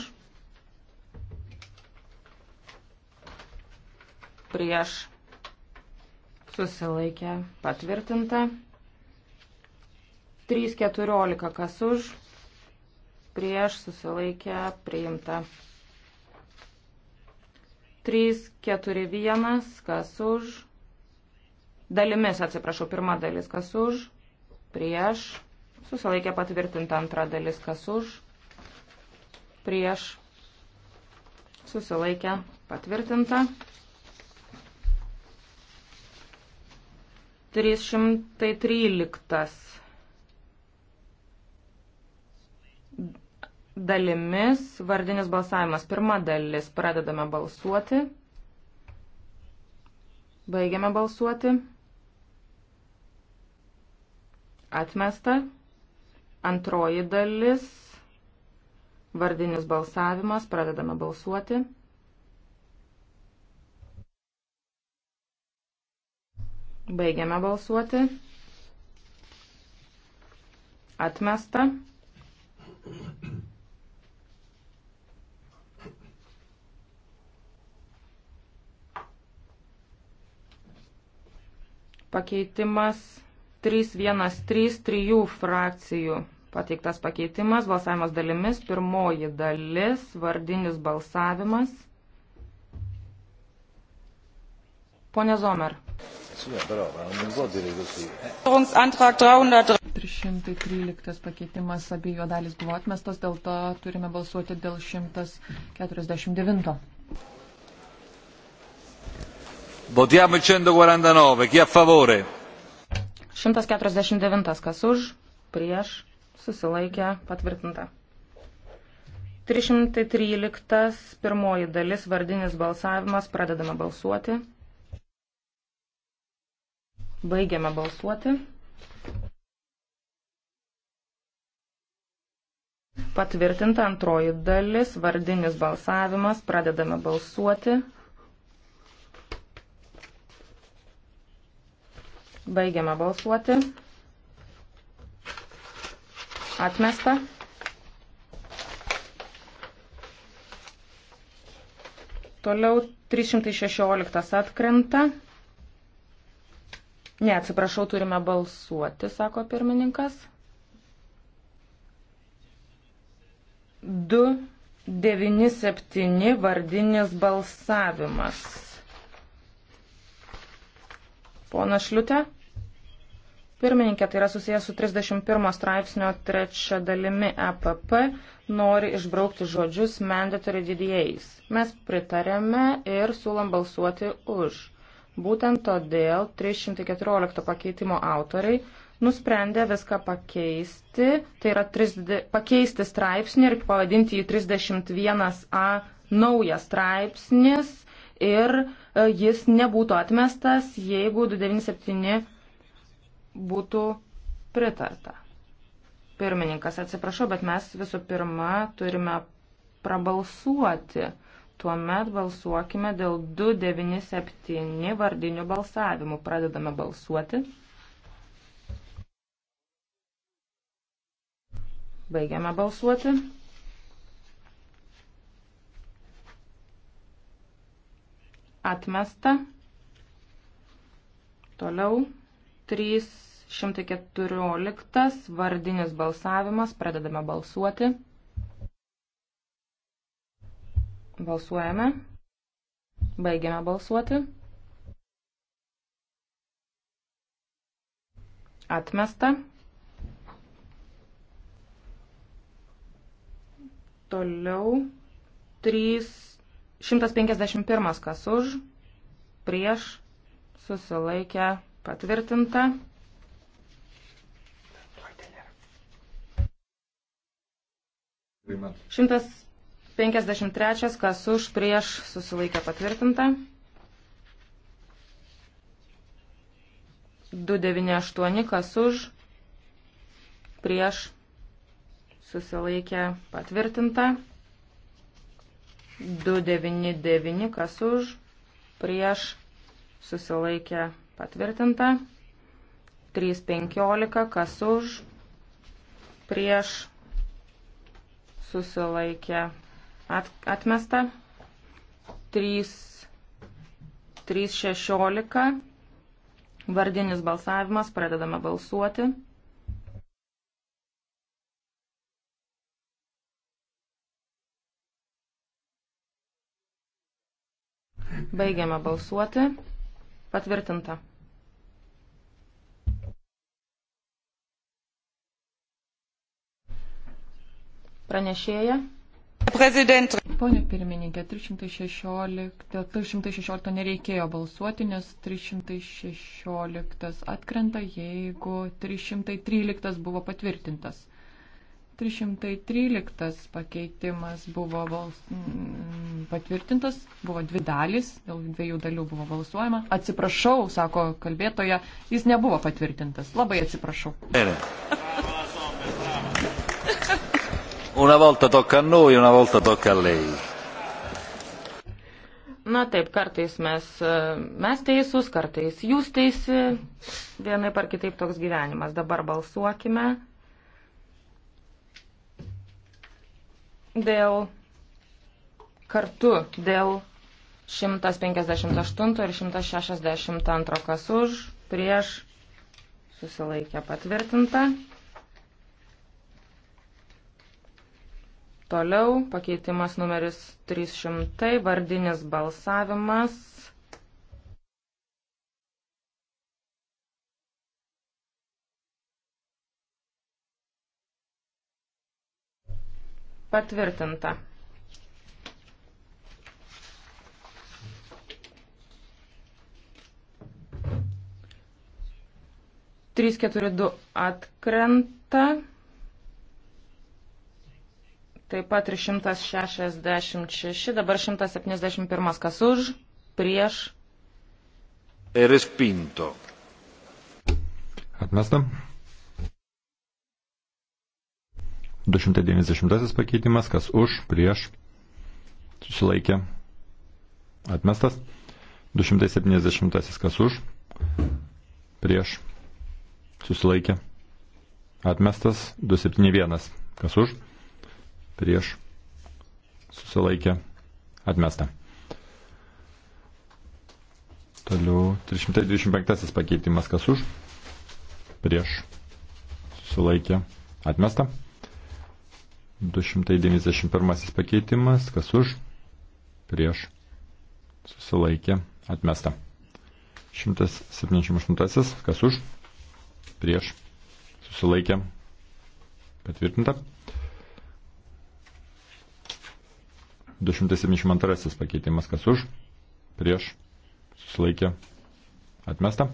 prieš, susilaikė, patvirtinta. Trys keturiolika, kas už, prieš, susilaikė, priimta. 3, 4, 1, kas už. Dalimis, atsiprašau, pirma dalis, kas už. Prieš. Susilaikė patvirtinta antra dalis, kas už. Prieš. Susilaikė patvirtinta. 313 dalimis vardinis balsavimas. Pirma dalis pradedame balsuoti. Baigiame balsuoti. Atmesta. Antroji dalis. Vardinis balsavimas. Pradedame balsuoti. Baigiame balsuoti. Atmesta. Pakeitimas 313 trijų frakcijų. Pateiktas pakeitimas, balsavimas dalimis, pirmoji dalis, vardinis balsavimas. Pone Zomer. 313 pakeitimas abiejų dalis buvo atmestas, dėl to turime balsuoti dėl 149. Votiamo il 149. Chi a favore? 149. Kas už? Prieš? Susilaikė? Patvirtinta. 313. Pirmoji dalis. Vardinis balsavimas. Pradedame balsuoti. Baigiame balsuoti. Patvirtinta antroji dalis, vardinis balsavimas, pradedame balsuoti. Baigiame balsuoti. Atmesta. Toliau 316 atkrenta. Ne, atsiprašau, turime balsuoti, sako pirmininkas. 297 vardinis balsavimas. Pona Šliutė. Pirmininkė, tai yra susijęs su 31 straipsnio trečia dalimi EPP, nori išbraukti žodžius mandatory DDAs. Mes pritarėme ir siūlom balsuoti už. Būtent todėl 314 pakeitimo autoriai nusprendė viską pakeisti, tai yra 30, pakeisti straipsnį ir pavadinti jį 31a naujas straipsnis ir uh, E, jis nebūtų atmestas, jeigu 297 būtų pritarta. Pirmininkas, atsiprašau, bet mes visų pirma turime prabalsuoti. Tuomet balsuokime dėl 297 vardinių balsavimų. Pradedame balsuoti. Baigiame balsuoti. Atmesta. Toliau 314 vardinis balsavimas. Pradedame balsuoti. Balsuojame. Baigiame balsuoti. Atmesta. Toliau 3 151 kas už, prieš, susilaikę, patvirtinta. Šimtas 53, kas už, prieš, susilaikė patvirtinta. 298, kas už, prieš, susilaikė patvirtinta. 299, kas už, prieš, susilaikė patvirtinta. 315, kas už, prieš, susilaikė at, atmesta. 3, 316, vardinis balsavimas, pradedame balsuoti. Baigiame balsuoti. Patvirtinta. Pranešėja. Prezident. Pone pirmininkė, 316, 316 nereikėjo balsuoti, nes 316 atkrenta, jeigu 313 buvo patvirtintas. 313 pakeitimas buvo vals, patvirtintas, buvo dvi dalys, dėl dviejų dalių buvo balsuojama. Atsiprašau, sako kalbėtoja, jis nebuvo patvirtintas. Labai atsiprašau. Una volta tocca a noi, una volta tocca a lei. Na taip, kartais mes, mes teisūs, kartais jūs teisi, vienai par kitaip toks gyvenimas. Dabar balsuokime. dėl kartu dėl 158 ir 162, kas už, prieš, susilaikė patvirtinta. Toliau pakeitimas numeris 300, vardinis balsavimas. Patvirtinta. Trys keturi du atkrenta. Taip pat ir 166, dabar 171 kas už, prieš. Respinto. Atmestam. 290 pakeitimas, kas už, prieš, susilaikė, atmestas. 270 kas už, prieš, susilaikė, atmestas. 271 kas už, prieš, susilaikė, atmesta. Toliau 325 pakeitimas kas už, prieš, susilaikė, atmesta. 291 pakeitimas, kas už, prieš, susilaikė, atmesta. 178, kas už, prieš, susilaikė, patvirtinta. 272 pakeitimas, kas už, prieš, susilaikė, atmesta.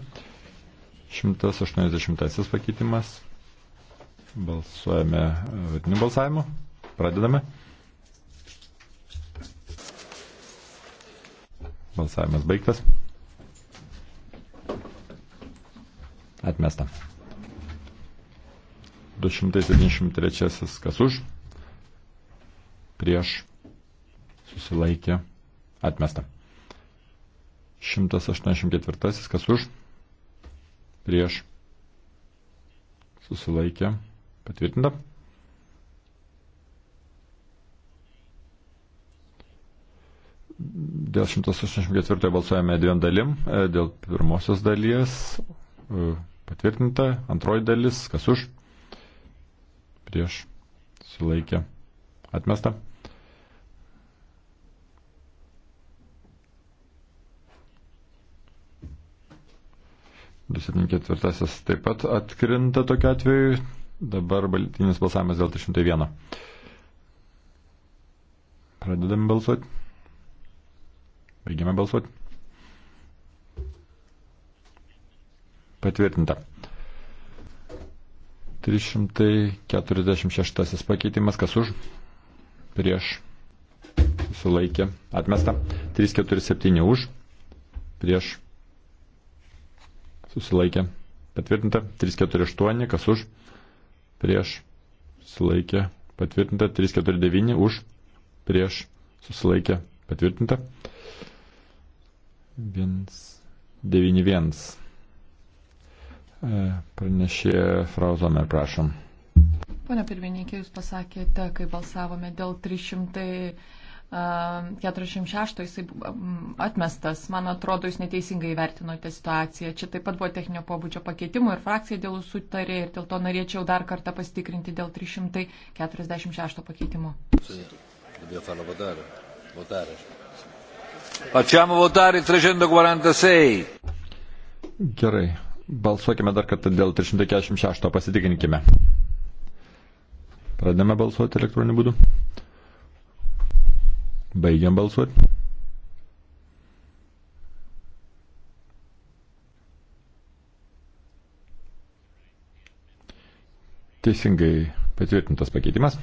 180 pakeitimas, Balsuojame vadiniu balsavimu. Pradedame. Balsavimas baigtas. Atmesta. 273 kas už. Prieš. Susilaikė. Atmesta. 184 kas už. Prieš. Susilaikė. Patvirtinta. Dėl 184 balsuojame dviem dalim. E, dėl pirmosios dalies e, patvirtinta. Antroji dalis, kas už? Prieš. Sulaikė. Atmesta. Du septyni ketvirtasis taip pat atkrinta tokiu atveju. Dabar baltinis balsavimas dėl 301. Pradedame balsuoti. Baigiame balsuoti. Patvirtinta. 346 pakeitimas. Kas už? Prieš. Sulaikė. Atmesta. 347 už. Prieš. Susilaikė. Patvirtinta. 348. Kas už? prieš susilaikė patvirtinta, 349 už, prieš susilaikė patvirtinta, 191. E, pranešė Frauzomer, prašom. Pone pirmininkė, jūs pasakėte, kai balsavome dėl 300. 46 jisai atmestas, man atrodo, jūs neteisingai vertinote situaciją. Čia taip pat buvo techninio pobūdžio pakeitimų ir frakcija dėl jų sutarė ir dėl to norėčiau dar kartą pasitikrinti dėl 346 pakeitimo. Facciamo votare 346. Gerai, balsuokime dar kartą dėl 346, pasitikrinkime. Pradedame balsuoti elektroniniu būdu. Baigiam balsuoti. Teisingai patvirtintas pakeitimas.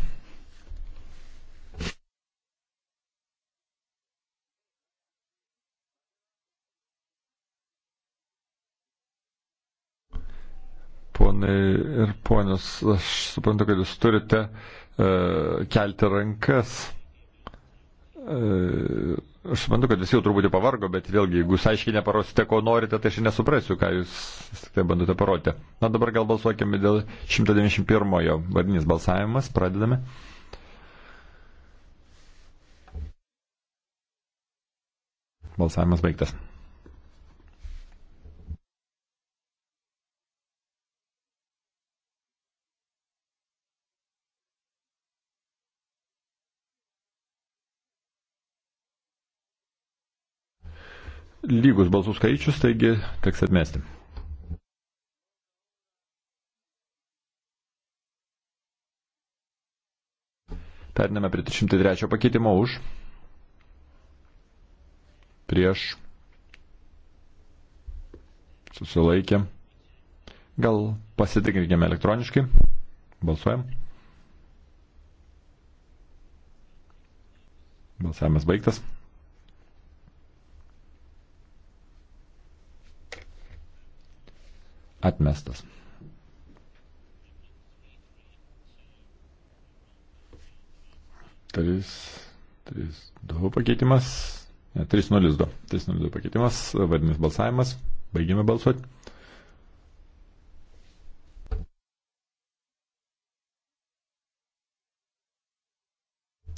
Ponai ir ponios, aš suprantu, kad jūs turite uh, kelti rankas. Aš suprantu, kad visi jau turbūt pavargo, bet vėlgi, jeigu jūs aiškiai neparosite, ko norite, tai aš nesuprasiu, ką jūs tai bandote parodyti. Na dabar gal balsuokime dėl 191-ojo vardinis balsavimas. Pradedame. Balsavimas baigtas. lygus balsų skaičius, taigi teks atmesti. Periname prie 303 pakeitimo už. Prieš. Susilaikė. Gal pasitikrinkime elektroniškai. Balsuojam. Balsavimas baigtas. atmestas. Tris, tris, du pakeitimas, ne, tris nulis du, tris nulis du pakeitimas, vardinis balsavimas, baigėme balsuoti.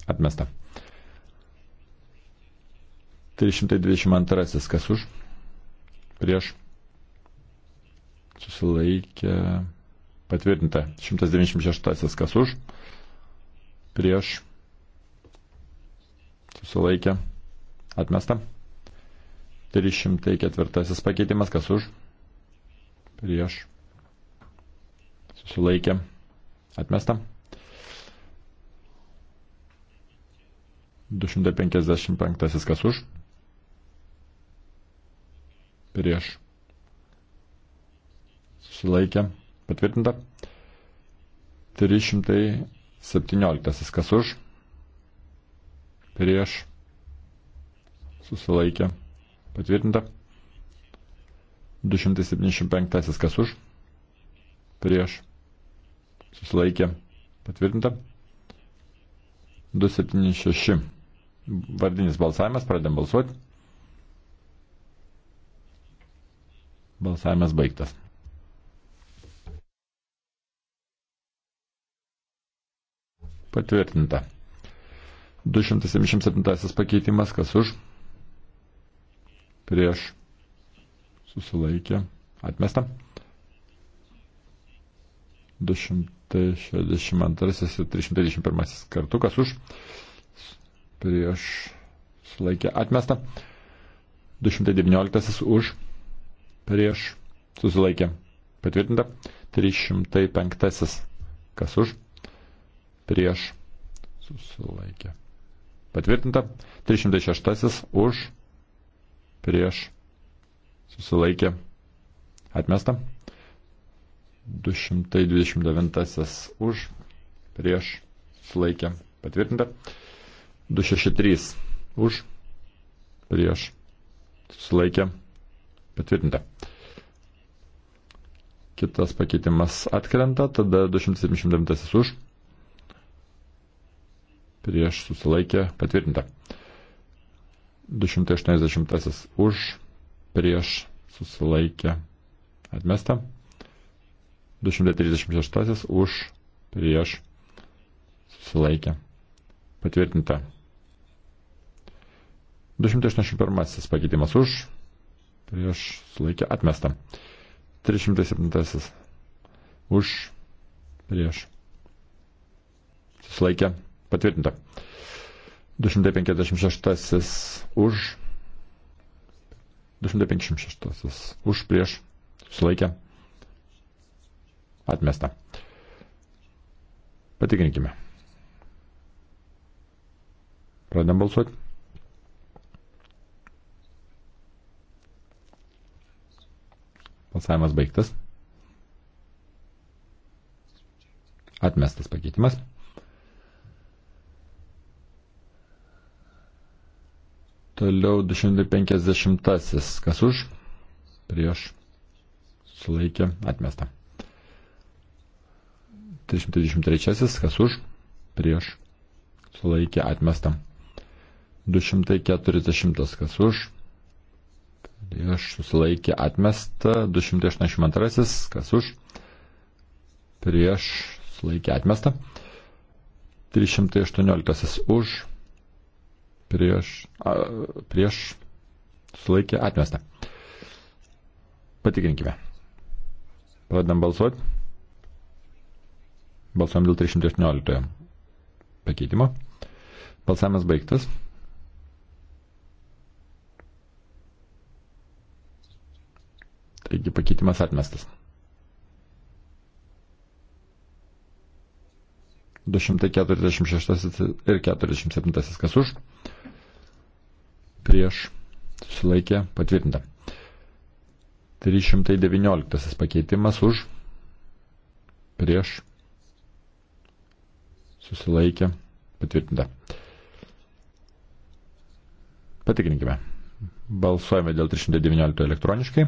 Atmesta. 322 kas už, prieš susilaikė patvirtinta. 196 kas už, prieš, susilaikė, atmesta. 304 pakeitimas kas už, prieš, susilaikė, atmesta. 255 kas už, prieš susilaikė, patvirtinta. 317 kas už, prieš, susilaikė, patvirtinta. 275 kas už, prieš, susilaikė, patvirtinta. 276 vardinis balsavimas, pradėm balsuoti. Balsavimas baigtas. Patvirtinta. 277 pakeitimas, kas už, prieš, susilaikė, atmesta. 262 ir 331 kartu, kas už, prieš, susilaikė, atmesta. 219 už, prieš, susilaikė, patvirtinta. 305 kas už, prieš susilaikė. Patvirtinta. 306 už prieš susilaikė. Atmesta. 229 už prieš susilaikė. Patvirtinta. 263 už prieš susilaikė. Patvirtinta. Kitas pakeitimas atkrenta, tada 279 už prieš susilaikė patvirtinta. 280 už, prieš susilaikė atmesta. 236 už, prieš susilaikė patvirtinta. 281 pakeitimas už, prieš susilaikė atmesta. 307 už, prieš susilaikė atmesta Patvirtinta. 256 už. 256 už prieš. Sulaikę. Atmesta. Patikrinkime. Pradedam balsuoti. Balsavimas baigtas. Atmestas pakeitimas. Toliau 250-asis. Kas už? Prieš. Sulaikė. Atmesta. 323-asis. Kas už? Prieš. Sulaikė. Atmesta. 240-as. Kas už? Prieš. Sulaikė. Atmesta. 282-asis. Kas už? Prieš. Sulaikė. Atmesta. 318-asis. Už prieš, a, prieš sulaikė atmestą. Patikrinkime. Pradedam balsuoti. Balsuojam dėl 318 pakeitimo. Balsavimas baigtas. Taigi pakeitimas atmestas. 246 ir 47 kas už prieš susilaikė patvirtinta. 319 pakeitimas už prieš susilaikė patvirtinta. Patikrinkime. Balsuojame dėl 319 elektroniškai.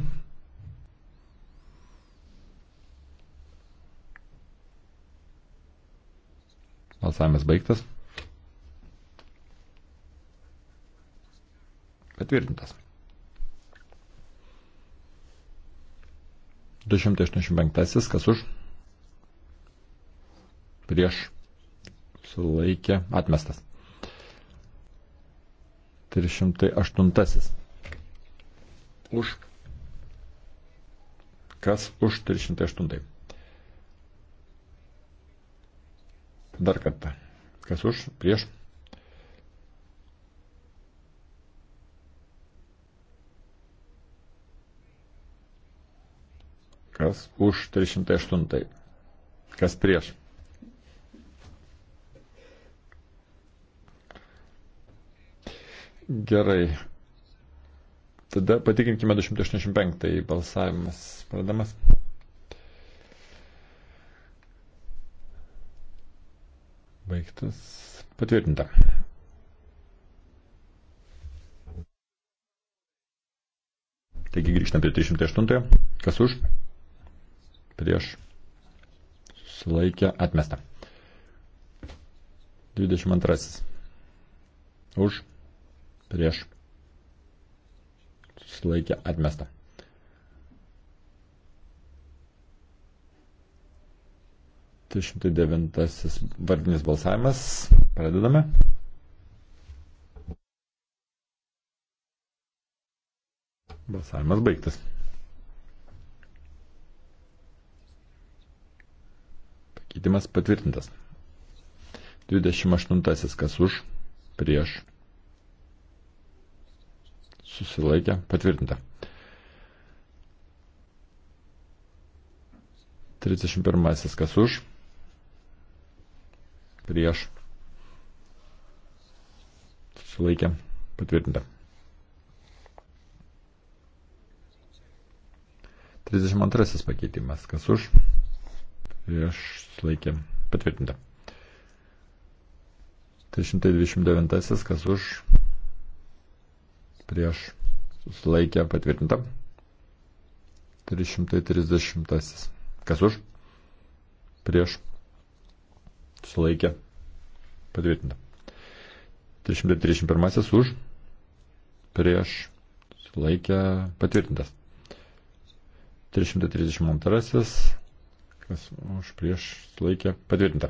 Balsavimas baigtas. Patvirtintas. 285. Kas už? Prieš. Sulaikė. Atmestas. 308. Už. Kas už 308? Dar kartą. Kas už? Prieš. Kas už 308? Kas prieš? Gerai. Tada patikrinkime 285 tai balsavimas pradamas. Baigtas. Patvirtinta. Taigi grįžtame prie 308. Kas už? prieš susilaikė atmesta. 22. Už prieš susilaikė atmesta. Trišimtai devintasis vardinis balsavimas. Pradedame. Balsavimas baigtas. Keitimas patvirtintas. 28. Kas už? Prieš. Susilaikė. Patvirtinta. 31. Kas už? Prieš. Susilaikė. Patvirtinta. 32 pakeitimas. Kas už? prieš laikė patvirtinta. 329 kas už prieš susilaikė patvirtinta. 330 kas už prieš susilaikė patvirtinta. 331 už prieš susilaikė patvirtintas. 332 kas už prieš laikė patvirtinta.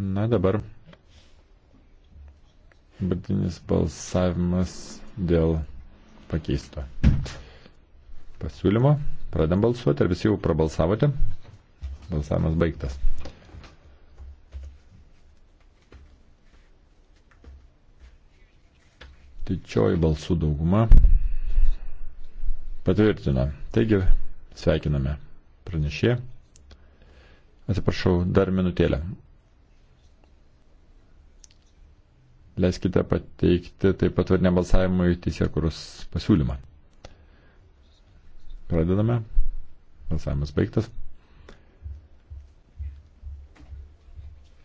Na dabar dabartinis balsavimas dėl pakeisto pasiūlymo. Pradam balsuoti, ar visi jau prabalsavote? Balsavimas baigtas. Didžioji balsų dauguma patvirtina Taigi, sveikiname pranešė. Atsiprašau, dar minutėlę. Leiskite pateikti taip pat varinę balsavimui teisėkurus pasiūlymą. Pradedame. Balsavimas baigtas.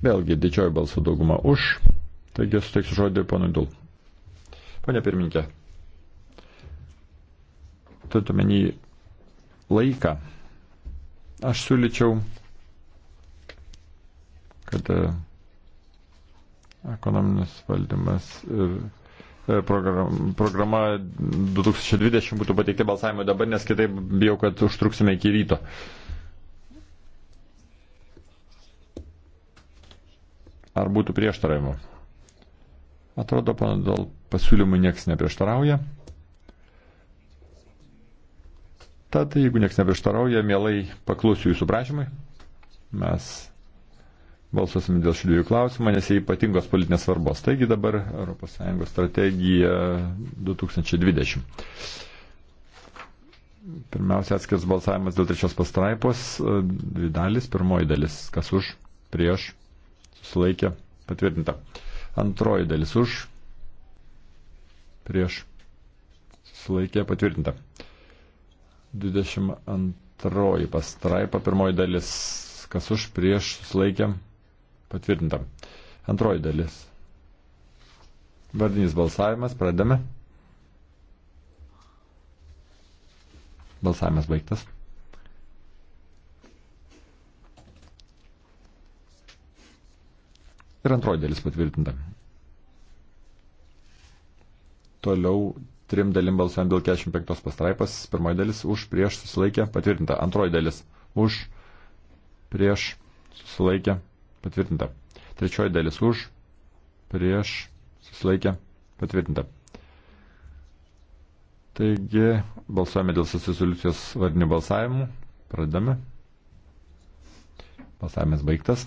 Vėlgi, didžioji balsų dauguma už. Taigi, suteiksiu žodį ponui Dul. Pone pirminkė, turint omeny laiką. Aš siūlyčiau, kad e, ekonominis valdymas ir e, program, programa 2020 būtų pateikti balsavimo dabar, nes kitaip bijau, kad užtruksime iki ryto. Ar būtų prieštaravimo? Atrodo, panadol pasiūlymų niekas neprieštarauja. Tad, jeigu nieks neprieštarauja, mielai paklusiu jūsų prašymui. Mes balsuosim dėl šių dviejų klausimų, nes jie ypatingos politinės svarbos. Taigi dabar ES strategija 2020. Pirmiausia, atskirs balsavimas dėl trečios pastraipos. Dvi dalis. Pirmoji dalis, kas už, prieš, susilaikė, patvirtinta. Antroji dalis už, prieš, susilaikė, patvirtinta. 22 pastraipa, pirmoji dalis, kas už prieš susilaikė, patvirtinta. Antroji dalis. Vardinis balsavimas, pradame. Balsavimas baigtas. Ir antroji dalis patvirtinta. Toliau trim dalim balsuojant dėl 45 pastraipos. Pirmoji dalis už, prieš, susilaikė, patvirtinta. Antroji dalis už, prieš, susilaikė, patvirtinta. Trečioji dalis už, prieš, susilaikė, patvirtinta. Taigi, balsuojame dėl susisoliucijos vardinių balsavimų. Pradedame. Balsavimas baigtas.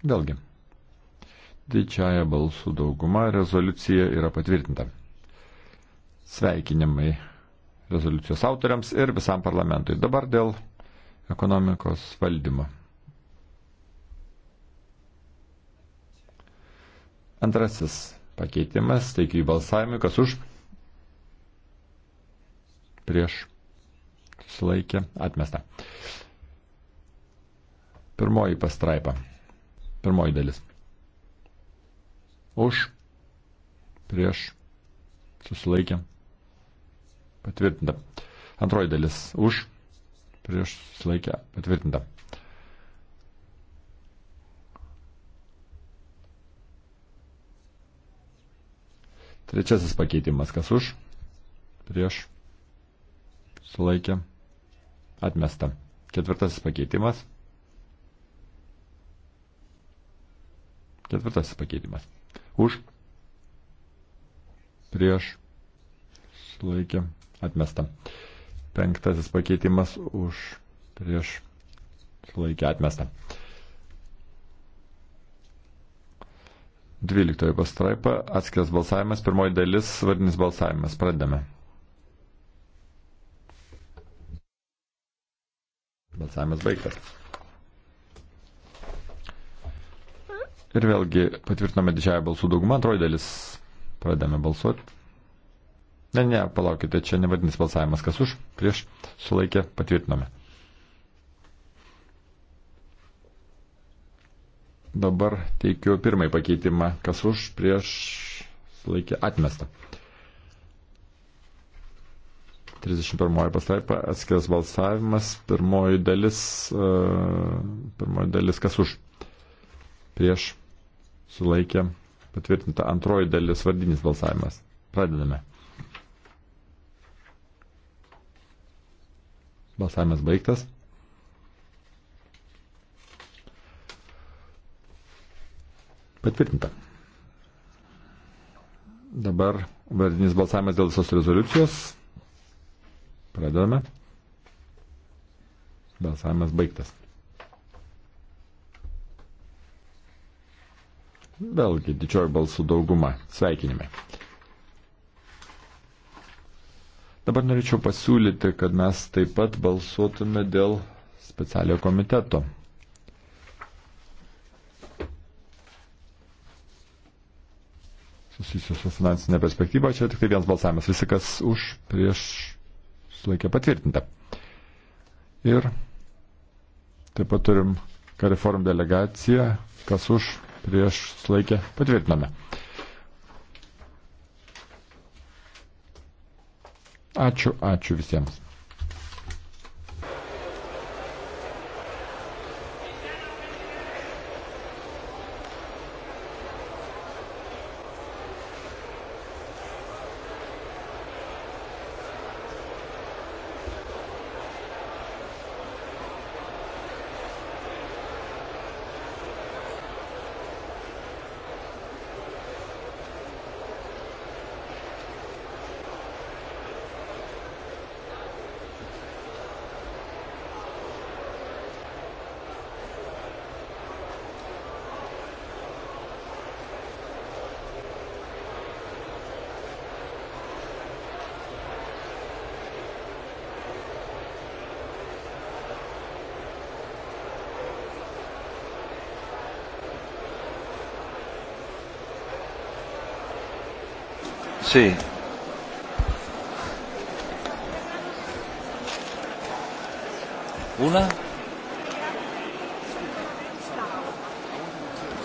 Vėlgi didžiaja balsų dauguma rezoliucija yra patvirtinta. Sveikinimai rezoliucijos autoriams ir visam parlamentui. Dabar dėl ekonomikos valdymo. Antrasis pakeitimas, teikiu į balsavimą, kas už, prieš, sulaikė, atmesta. Pirmoji pastraipa. Pirmoji dalis. Už, prieš, susilaikė, patvirtinta. Antroji dalis. Už, prieš, susilaikė, patvirtinta. Trečiasis pakeitimas. Kas už, prieš, sulaikė, atmesta. Ketvirtasis pakeitimas. Ketvirtasis pakeitimas. Už. Prieš. Sulaikė. Atmesta. Penktasis pakeitimas už. Prieš. Sulaikė. Atmesta. Dvyliktoji pastraipa. Atskiras balsavimas. Pirmoji dalis. Vardinis balsavimas. Pradedame. Balsavimas baigtas. Ir vėlgi patvirtiname didžiąją balsų daugumą, antroji dalis pradame balsuoti. Ne, ne, palaukite, čia nevadinis balsavimas, kas už, prieš, sulaikė, patvirtiname. Dabar teikiu pirmąjį pakeitimą, kas už, prieš, sulaikė, atmesta. 31 pastraipa, atskiras balsavimas, pirmoji dalis, e, pirmoji dalis, kas už, prieš, sulaikė patvirtinta antroji dalis vardinis balsavimas. Pradedame. Balsavimas baigtas. Patvirtinta. Dabar vardinis balsavimas dėl visos rezoliucijos. Pradedame. Balsavimas baigtas. Vėlgi didžioji balsų dauguma. Sveikinimai. Dabar norėčiau pasiūlyti, kad mes taip pat balsuotume dėl specialio komiteto. Susijusiu su finansinė perspektyva, čia tik tai vienas balsavimas. Visi, kas už, prieš, sulaikė patvirtinta. Ir taip pat turim Kariform delegaciją, kas už, prieš laikę patvirtiname. Ačiū, ačiū visiems. Sì. Una?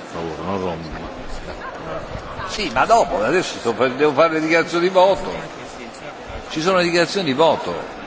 favore, non rompo. Sì, ma dopo, adesso devo fare le dichiarazioni di voto. Ci sono le dichiarazioni di voto.